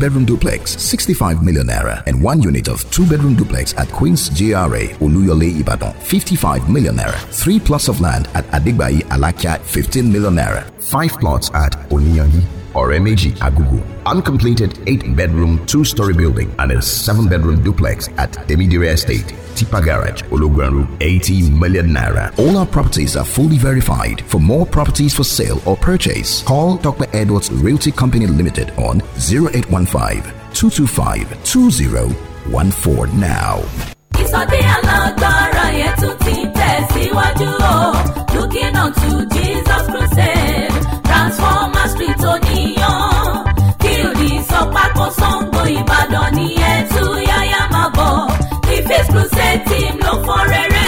bedroom duplex, 65 million naira, and one unit of two bedroom duplex at Queen's GRA, Uluyole Ibadan, 55 million naira. Three plots of land at Adigbai Alakia, 15 million naira. Five plots at Oniyangi, or MAG Agugu. Uncompleted 8 bedroom, 2 story building and a 7 bedroom duplex at Demidire Estate, Tipa Garage, Olugwanru, 80 million naira. All our properties are fully verified. For more properties for sale or purchase, call Dr. Edwards Realty Company Limited on 0815 225 2014 now. looking Jesus street ló fọ rere.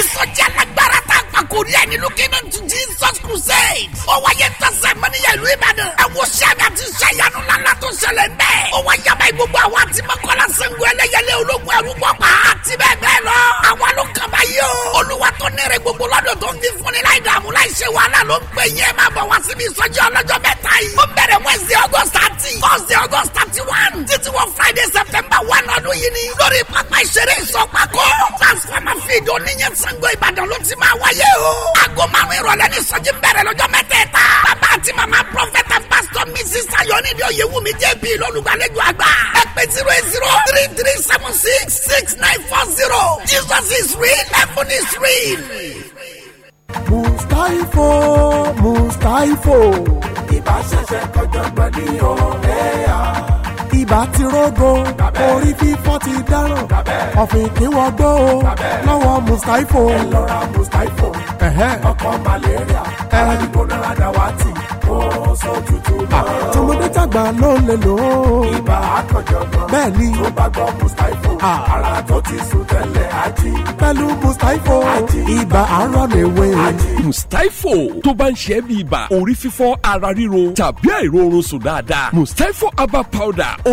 ìsọjí alágbára tá a gbà kò rí ẹni lókè náà ju Jésù crusade. ó wáyé tẹsẹ̀ mẹ́niyà ìlú ìbàdàn. ẹ wo sẹ́mi àti sẹ́yanu lálá tó ṣẹlẹ̀ ń bẹ́ẹ̀. ó wá yaba gbogbo àwọn àti mọ́kànlá sẹ́ngu ẹlẹ́yẹlé ológun ẹ̀rú pọ̀pá àti bẹ́ẹ̀ bẹ́ẹ̀ lọ. àwa ló kàn bá yí o. olúwa tó nẹrẹ gbogbo lọ́dọ̀ tó ń fi fúnni láì dààmú láì ṣe wàhálà ló ń pè yẹn máa bọ̀ wá síbi ìsọjí ọlọ́jọ́ mẹ́ta yìí. one títí wọ friday september one ọdún yìí ni. lórí pápá ìṣeré ìsọpakọ. transformer feed oníyẹn sango ìbàdàn ló ti máa wáyé o. aago márùn-ún ìrọ̀lẹ́ ní ìsọjí bẹ̀rẹ̀ lọ́jọ́ mẹ́tẹ̀ẹ̀ta. bàbá àti màmá prọfẹ̀tà pásítọ̀ mrs ayọ̀ni ni oyèwùmí jp lọ́lùgbàlejò àgbà. ẹ pè zero eight zero three three seven six six nine four zero jesus is real heaven is real. mustaifo mustaifo ìbáṣẹ̀ṣẹ̀ kọjọ́ gbọ́dí ọ̀rẹ́ yà ibà ti rógo orí fífọ́ ti dáràn ọ̀fìn ìkínwọ́gbó o lọ́wọ́ mùsáífò. ẹ lọ mùsáífò ọkọ̀ malaria aládìgbò náírà dàwátì ó sọ tutù náà. Ah, tọmọdé tàgbà ló ń lè lò ó. ibà àkànjọ̀gbọ́n bẹ́ẹ̀ ni tó bá gbọ́ mùsáífò ah. ara tó ti sùn tẹ́lẹ̀ ají. pẹ̀lú mùsáífò ibà arọ lè wé. mùsáífò tó bá ń ṣe é bí ibà orí fífọ́ ara ríro tàbí àìróorun sùn dáadáa mùsáífò herbal powder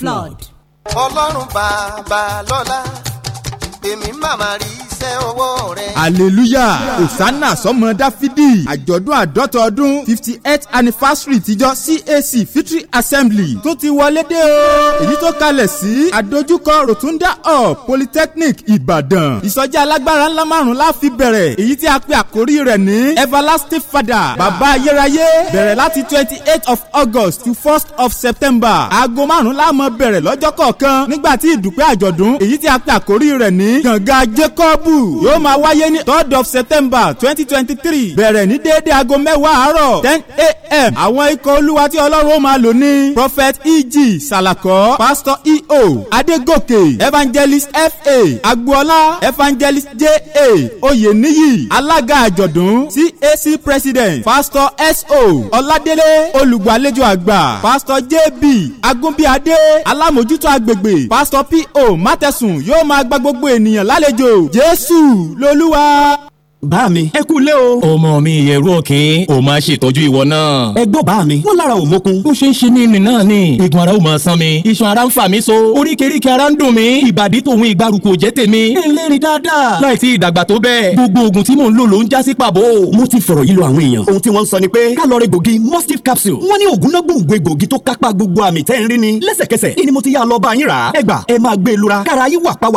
flood. ọlọ́run bàbá lọ́lá èmi màmá rí iṣẹ́ ọwọ́ rẹ. hallelujah hosanna sọmọ dáfídì àjọ̀dún àádọ́ta ọdún fifty eight anniversary tìjọ cac fitri assembly tó ti wọlé dé o. èyí tó kalẹ̀ sí àdójúkọ rotunda hall polytechnic ìbàdàn. ìsọjí alágbára ńlá márùn-ún la fi bẹ̀rẹ̀ èyí tí a pè àkórí rẹ̀ ní everlasting father bàbá ayérayé bẹ̀rẹ̀ láti twenty eight of august to first of september aago márùn-ún la máa bẹ̀rẹ̀ lọ́jọ́ kọ̀ọ̀kan nígbà tí ìdúpẹ́ àjọ̀dún èyí tí a pè àkórí rẹ̀ ní ní gàngà Jacobu yóò máa wáyé ní third of September twenty twenty three bẹ̀rẹ̀ ní déédé aago mẹ́wàá àárọ̀ ten a.m. àwọn ikọ̀ olúwa tí ọlọ́run ó máa lò ní prophet E.G. Salako pastor E.O. Adegoke evangelist F.A. Agboola evangelist J.A. Oyeniyi alága àjọ̀dún CAC president pastor S.O. Ọládélé olùgbàlejò àgbà pastor J.B. Agúnbíadé alámòjútó agbègbè pastor P.O. Mátẹ̀sùn yóò máa gba gbogbo ènìyàn ènìyàn lálejò jésù lolúwa bá mi. ẹ kú lé o. ọmọ mi ìyẹ̀rú òkín ò máa ṣètọ́jú ìwọ náà. ẹ gbọ́ bá mi. wọ́n lára ò mókun. ó ṣe ń ṣe ní ìrìn náà ni. igun ara ò máa san mi. iṣan ara ń fà mí so. oríkèéríkèé ara ń dùn mí. ìbàdí tòun ìgbàrúkọ jẹ́ tèmi. ẹ dáadáa. láìsí ìdàgbà tó bẹ́ẹ̀. gbogbo oògùn tí mò ń lò ló ń já sí pàbó. mo ti fọ̀rọ̀ yí lọ àwọn èèyàn. ohun tí wọ́n sọ ni pé capsule. wọ́n ní oògùn náà gbòǹgbò egbògi ni. lẹ́sẹ̀kẹsẹ̀ ni mo ti yá lọ bá yín e lura. kára yín wà pa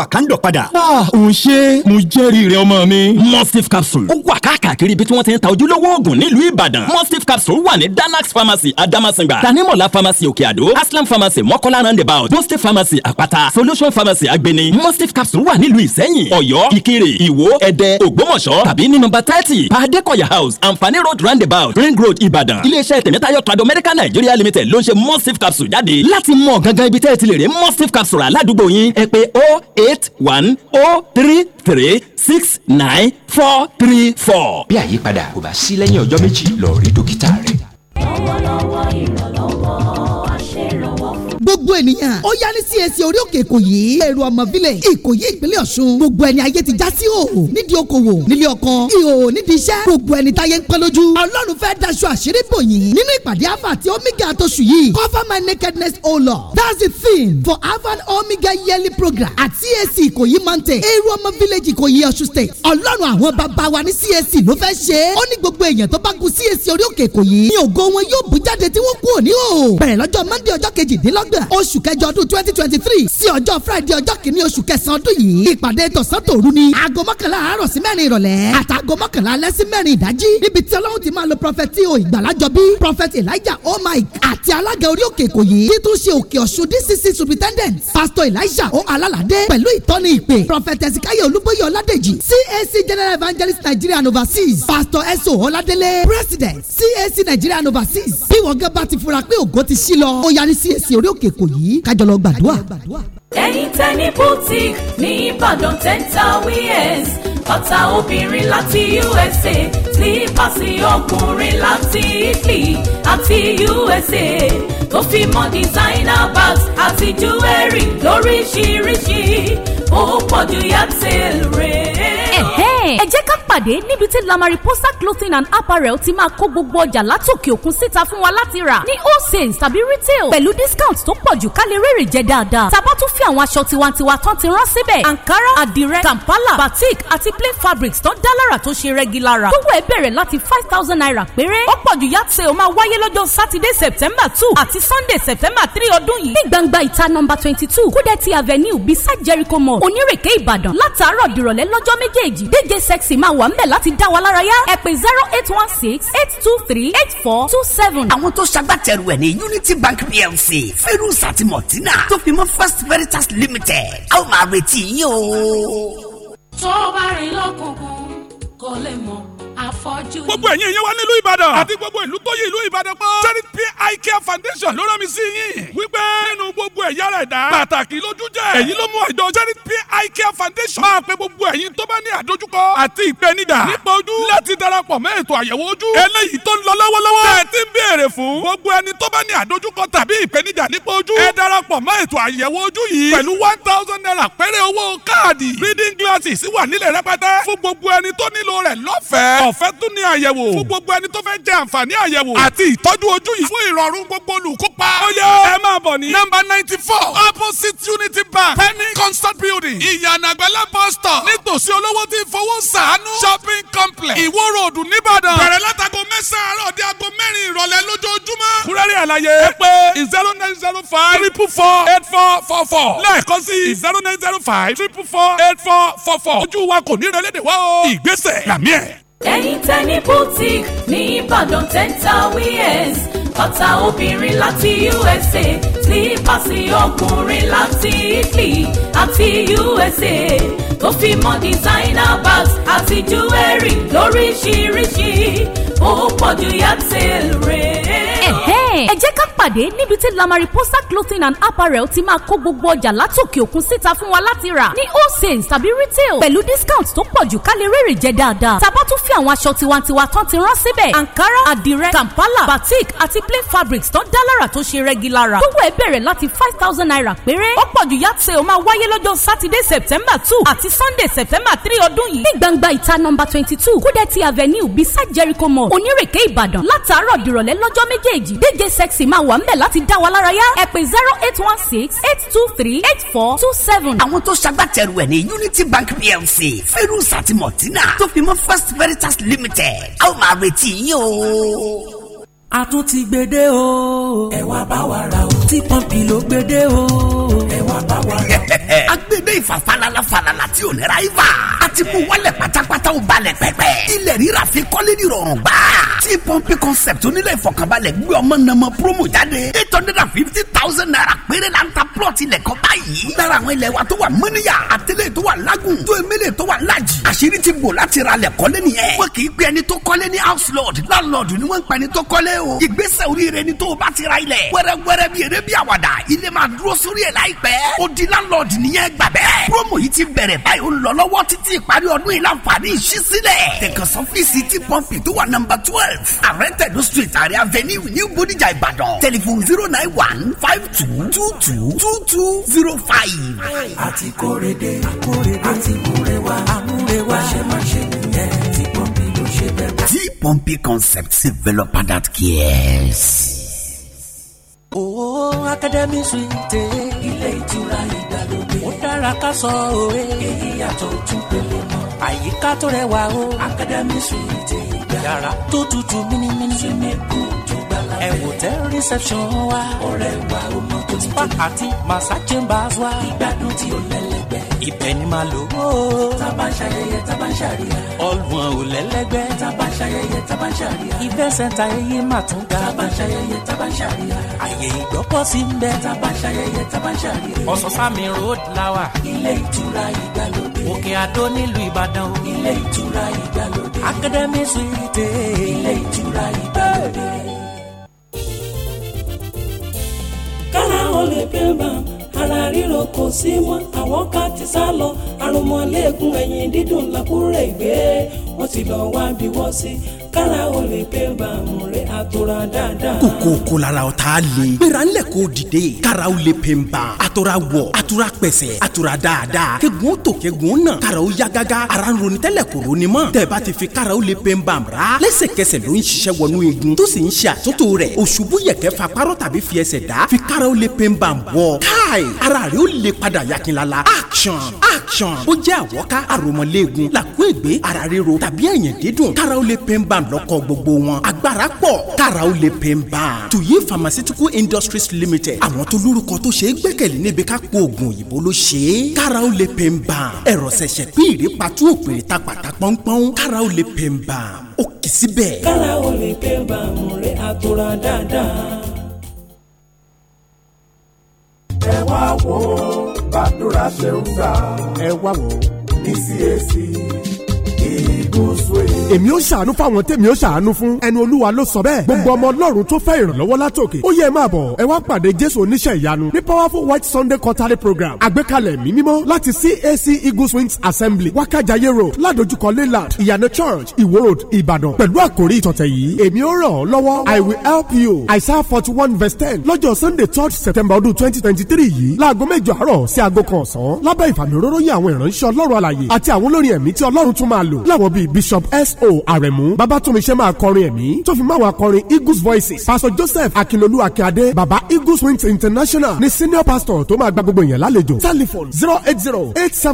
ah òun ṣe mo jẹ́rìí mustif capsule ó wà káàkiri ibi tí wọ́n ti ń ta ojúlówó oògùn nílùú ìbàdàn mustif capsule wà ní danax pharmacy adamasingba tanimola pharmacy òkè àdó aslam pharmacy mọ́kọ́lá roundabout mustif pharmacy àpáta solution pharmacy agbeni mustif capsule wà nílùú ìsẹ́yìn ọ̀yọ́ ìkirè ìwó ẹ̀dẹ́ ògbómọ̀ṣọ́ tàbí ní nọ́mbà thirty pàdékọ̀yà house anfani road roundabout ring road ìbàdàn iléeṣẹ́ tẹ̀mẹ́tayọ̀ trado medical nigeria limited ló ń ṣe mustif capsule jáde láti mọ̀ gangan ibi tẹ́ ẹ ti lè rí mustif capsule aládùúgbò yín ẹ pé oh eight one oh three three six nine four three four. bí àyípadà kò bá sí lẹ́yìn ọjọ́ méjì lọ rí dókítà rẹ̀. gbogbo ènìyàn ó yá ní CAC orí òkè ìkòyí èrò ọmọ village ìkòyí ìpínlẹ̀ ọ̀ṣun gbogbo ẹni ayé ti já sí òòhò nídìí okòwò nílé ọkọ ìhòòhò nídìí iṣẹ́ gbogbo ẹni táyé ń pẹ́ lójú ọlọ́run fẹ́ daṣọ àṣírí bò yín nínú ìpàdé alpha àti omega àtọ̀sù yìí cover my nakedness o lord that's the thing for alpha and omega yearly program at CAC ìkòyí mountain èrò ọmọ village ìkòyí ọ̀ṣun state ọlọ́run àwọn bàbá wa ní CAC ló fẹ́ ṣe é ó ní gbogbo èèyàn tó bá gun CAC orí òkè ìkòyí ní ògo wọn yóò bú jáde tí wọ́n kú òní o bẹ̀rẹ̀ lọ́jọ́ monday ọjọ́ kejìdínlọ́gbọ̀n àdúrà oṣù kẹjọ ọdún twenty twenty three sí ọjọ́ friday ọjọ́ kìíní oṣù kẹsàn-án ọdún yìí ìpàdé tọ̀sán tòru ni aago mọ́kànlá àárọ̀ sí mẹ́rin ìrọ̀lẹ́ àtàgọ́ mọ́kànlá alẹ́ sí mẹ́rin ìdájí níbi tí ọlọ́run ti máa lo prọfẹtì o ìgbàlájọ bí prọfẹtì elijah omaik àti alága orí òkè èkó yìí títún ṣe òkè ọ̀ṣun dcc superintendent pastor elijah o alalade pẹ̀lú ìtọ́ni ìpè prọfẹtì ẹ̀sìnkáyọ̀ olúbóyè ọládèjì cac general evangelist nigeria and overseas pastor eso ọládélé president cac nigeria and overseas bí wọ́n gẹ́gẹ́ bá ti fura pé ògo ti sí lọ ó yarí cac orí òkè àsìkò yìí kájọ lọ gbàdúrà. ẹ̀yin tẹ́ ní boutique ní Ìbàdàn dental wears bàtà obìnrin láti USA sílípàsì ọkùnrin láti Italy àti USA tó fi mọ́ designer bags àti jewelry lóríṣiríṣi ó pọ̀ ju yàtẹ̀ rẹ̀ ẹ̀. ẹ jẹ́ ká pàdé níbi tí Lamariposa clothing and apparel ti máa kó gbogbo ọjà látòkè òkun síta fún wa láti rà ní wholesale tàbí retail pẹ̀lú discount tó pọ̀ jù ká lè rèrè jẹ dáadáa. tá bá tún fi àwọn aṣọ tiwantiwa tán ti rán síbẹ̀ Ankara Adire, Kampala batik àti plain fabrics tán dá lára tó ṣe rẹ́gi lára. gbogbo ẹ̀ bẹ̀rẹ̀ láti five thousand naira péré. ó pọ̀ jù yàtọ̀ ṣe o máa wáyé lọ́jọ́ Saturday September two àti Sunday September three ọdún yìí. ní gbangba ìta nọmba twenty two Kúdẹ́tì avenue beside Jericho mall Onírèké Ìbàdàn látàárọ̀ dìrọ̀lẹ́ lọ́jọ́ méjèèjì déje Sexy máa wà ńbẹ̀ láti dá wa lárayá ẹ pè zero eight one six eight two three eight four two seven. àwọn tó ṣagbátẹrù ẹ̀ ní Unity Bank PLC ferus àti Martina tó fi mọ́ First Veritas Limited a ó máa retí yín o. tó bá rìn lọ́kùnkùn kò lè mọ̀ àfọ́jú. gbogbo ẹ̀yin ìyẹn wá nílùú Ìbàdàn àti gbogbo ìlú tó yí ìlú Ìbàdàn pọ̀ eye care foundation ló rán mi sí yín wípé nínú gbogbo ẹ̀yà rẹ̀ dá pàtàkì lójú jẹ́ èyí ló mú ìjọ charity pay eye care foundation máa pe gbogbo ẹ̀yin tó bá ní àdójúkọ àti ìpèníjà nípa ojú láti darapọ̀ mẹ́ ètò àyẹ̀wò ojú eléyìí tó ń lọ lọ́wọ́lọ́wọ́ tẹ̀ ti ń béèrè fún gbogbo ẹni tó bá ní àdójúkọ tàbí ìpèníjà nípa ojú ẹ darapọ̀ mẹ́ ètò àyẹ̀wò ojú yìí pẹ̀lú one thousand naira péré owó káàdì reading glasses wà nílẹ̀ rẹpẹtẹ fún gbogbo ẹni tó nílò rẹ̀ lọ́fẹ̀ẹ́ ọ̀fẹ́ tún ní àyẹ̀wò fún gbogbo ẹni tó fẹ́ jẹ àǹfààní àyẹ̀wò àti ìtọ́jú ojú yìí fún ìr ìrọ̀rùn gbogbo olùkópa. ó ẹ máa bọ̀ ní. nọ́mbà ninety four opposite unity bank penny concert building ìyànàgbẹ́lẹ̀ bus stop nítòsí olówó tí fowó sàánú shopping complex ìwó ròdù nìbàdàn. bẹ̀rẹ̀ látago mẹ́sàn-án àárọ̀ di aago mẹ́rin ìrọ̀lẹ́ lójoojúmọ́. kúrẹ́rì àlàyé ẹ pé zero nine zero five triple four eight four four four lẹ́ẹ̀kan sí zero nine zero five triple four eight four four four ojú wa kò ní ìrẹ́lẹ́dẹ̀ wá o ìgbésẹ̀ làmí ẹ̀. ẹ̀yin tẹ́ ní boutique ní Ìbàdàn dental wears bàtà obìnrin láti USA sípàsì ọkùnrin láti Italy àti USA tó fi mọ́ designer bags àti jewelry lóríṣiríṣi ó pọ̀ ju yàtẹ̀ rẹ̀ ẹ jẹ́ ká pàdé níbi tí lamari posa clothing and apparel ti máa kó gbogbo ọjà látòkè òkun síta fún wa láti rà ní wholesale tàbí retail pẹ̀lú discount tó pọ̀ jù ká lè rèrè jẹ dáadáa tá bá tún fi àwọn aṣọ tiwantiwa tán ti rán síbẹ̀ ankara Adire kampala batik àti plain fabrics tán dá lára tó ṣe rẹ́gi lára gbogbo ẹ̀ bẹ̀rẹ̀ láti five thousand naira péré ó pọ̀ jù yàtọ̀ ṣe ó máa wáyé lọ́jọ́ saturday september two àti sunday september three ọdún yìí ní gbangba ìta number twenty two kúdẹ́tì avenue beside jericho mall onírèké ìbàdàn látàárọ̀ dìrọ̀lẹ́ lọ́jọ́ méjì DJ sexy máa wà ńbẹ̀ láti dá wa lára yá ẹ pè zero eight one six eight two three eight four two seven. àwọn tó ṣagbátẹrù ẹ̀ ní Unity Bank PLC ferus àti Martina tó fi mọ́ First Veritas Limited a ó máa retí yín o a tún ti gbede o. ẹ wá bá wa ra o. tí pọ́ǹpì ló gbede o. ẹ wá bá wa ra o. agbede ìfàfàlàlà falala tí ò ní ra ibà. a ti mú wálẹ̀ pátápátá ò balẹ̀ pẹ́pẹ́. ilẹ̀ rírà fi kọ́lé ní rọrùn gbà. tí pọ́ǹpì concept onílẹ̀ ìfọ̀kànbalẹ̀ gbé ọmọ nàmọ promo jáde. eight hundred and fifty thousand naira péré la ń ta plot ilẹ̀ kan báyìí. lára àwọn ilẹ̀ wa tó wà mọ́níyà àtẹlẹ́ tó wà lágùn tó emele tó wà lájì. àṣírí ti bò láti ra lẹ̀ kọ́lé nìyẹn. wọ́n kì í gbé house lord landlord ni wọ́n ń pa ẹni lé o ìgbésẹ̀ oríire ni tó o bá ti ra ilẹ̀ wẹ́rẹ́wẹ́rẹ́ bí eré bí àwàdà ilé máa dúró sórí ẹ̀ láìpẹ́ ó di landlord nìyẹn gbà bẹ́ẹ̀ promo yìí ti bẹ̀rẹ̀ báyìí ó lọ lọ́wọ́ títí ìparí ọdún yìí láǹfààní ìṣí sílẹ̀ tẹ̀kọ̀sán tí pọ́ǹpì tó wà nọ́mbà twelve àrẹ́tẹ̀dó street àrẹ avenue new bodijà ìbàdàn tẹlifon zero nine one five two two two two two zero five. àti kórede àkórede àti múrewa àmúrewa àṣemáṣe nìyẹn Deep, pompey Concepts developer that cares. Oh, Academy Suite. Ilé ìtura ìgbàlódé. Ó dára ká sọ òwe. Èyí yàtọ̀ ojú pèlè mọ́. Àyíká tó rẹwà o. Academy Suite ìgbà. Yàrá tó tutù mímímí. Sinimu tó gbàlá. Ẹ wò tẹ reception wa. Ọ̀rẹ́ wa ó tó ti tó. Spa àti massage chambers wa. Ìgbádùn tí ó lẹ́lẹ́ lẹ́gbẹ́. ibẹ̀ ni màá lò ó. taba ń ṣayẹyẹ taba ń ṣàríyá. ọlùwọ̀n ò lẹ́lẹ́gbẹ́. taba ń ṣayẹyẹ taba ń ṣàríyá. ìfẹ́ sẹ́ńtà ẹyẹ máa tún ga. taba ń ṣayẹyẹ taba ń ṣàríyá. àyè ìgbọ́kọ̀ ń bẹ. taba ń ṣayẹyẹ taba ń ṣàríyá. ọ̀sánsámi road lawa. ilé ìtura ìgbàlódé. òkè àdó nílùú ìbàdàn o. ilé ìtura ìgbàlódé. academy suite. ilé ìtura ìgbàlódé. kára ó lè ara ríro kò sí mọ́ àwọn ká ti sá lọ àrùn mọ́lẹ́gùn ẹ̀yìn dídùn làkúrẹ́ ìgbé ó ti lọ wá bí wọ́n sí kára o lè pé bàmù rẹ̀ àtòrà dáadáa. kòkó kò lára ọ̀tá le. gbéra ńlẹ̀ kó dìde. kára o lè pè ń ban. wọ̀ àtòrà pẹ̀sẹ̀ àtòrà dáadáa. kegun tó kegun náà. kára o ya gágá. ara ń ronú tẹ́lẹ̀ kò ronú mọ́. tẹ̀bá ti fi kára o lè pè ń ban ra. lẹ́sẹ̀kẹsẹ̀ ló ń ṣiṣẹ́ wọnú igun. tó sì ń ṣe àtúntò rẹ̀. òṣùbù yẹ̀kẹ́ fa párọ̀ tàbí fi ẹsẹ̀ dá. fi kára o lè pè ń ban wọ. káì ara rẹ̀ ó lè padà yakinlala. action action ó jẹ́ àwọ́ká àròmọ̀lẹ́gun làkú ègbé dàbí ẹ̀yìn dídùn kára ó lè pain balm lọ́kọ̀ gbogbo wọn agbára pọ̀ kára ó lè pain balm. tuyi pharmaceutical industries limited àwọn tó lórúkọ tó ṣe é gbẹ́kẹ̀lé níbi ká po oògùn òyìnbó ló ṣe é kára ó lè pain balm ẹ̀rọ ṣẹ̀ṣẹ̀ pín ìrèpàtú òpèrè ta pàtà pọ́npọ́n kára ó lè pain balm ó kì í síbẹ̀. kára ó lè pain balm rẹ̀ àtúrà dáadáa. ẹ wá wo bàdúrà ṣe ń gbà ẹ wá wo ní CAC èmi ó ṣàánú fáwọn tèmi ó ṣàánú fún ẹnu olúwa ló sọ bẹ́ẹ̀ gbogbo ọmọ ọlọ́run tó fẹ́ ìrànlọ́wọ́ látòkè ó yẹ máa bọ̀ ẹ wá pàdé jésù oníṣẹ́ ìyanu ní powerful white sunday quarterly program àgbékalẹ̀ mi mímọ́ láti cac eagles wings assembly wákàjáyé road ládojúkọ leyland ìyànà church ìwó road ìbàdàn pẹ̀lú àkórí ìtọ̀tẹ̀ yìí èmi ó ràn ọ́ lọ́wọ́ i will help you àìsà forty one verse ten lọ́jọ́ sunday church september ọdún twenty twenty three yìí láago mẹ́jọ àárọ̀ sí aago kan ọ̀sán lábẹ́ ìfàmì òróró yẹn àwọn ìránṣẹ́ ọlọ́run àlàyé àti àwọn olórin ẹ̀mí tí ọlọ́run tún máa lò láwọn bíi bishop s o àrẹ̀mú babatunmiṣẹ́ máa kọrin ẹ̀mí tó fi máa wà kọrin eagles voices pastor joseph akinolu akíade baba eagles wings international ni senior pastor tó máa gba gbogbo yẹn lálejò telephone zero eight zero eight seven.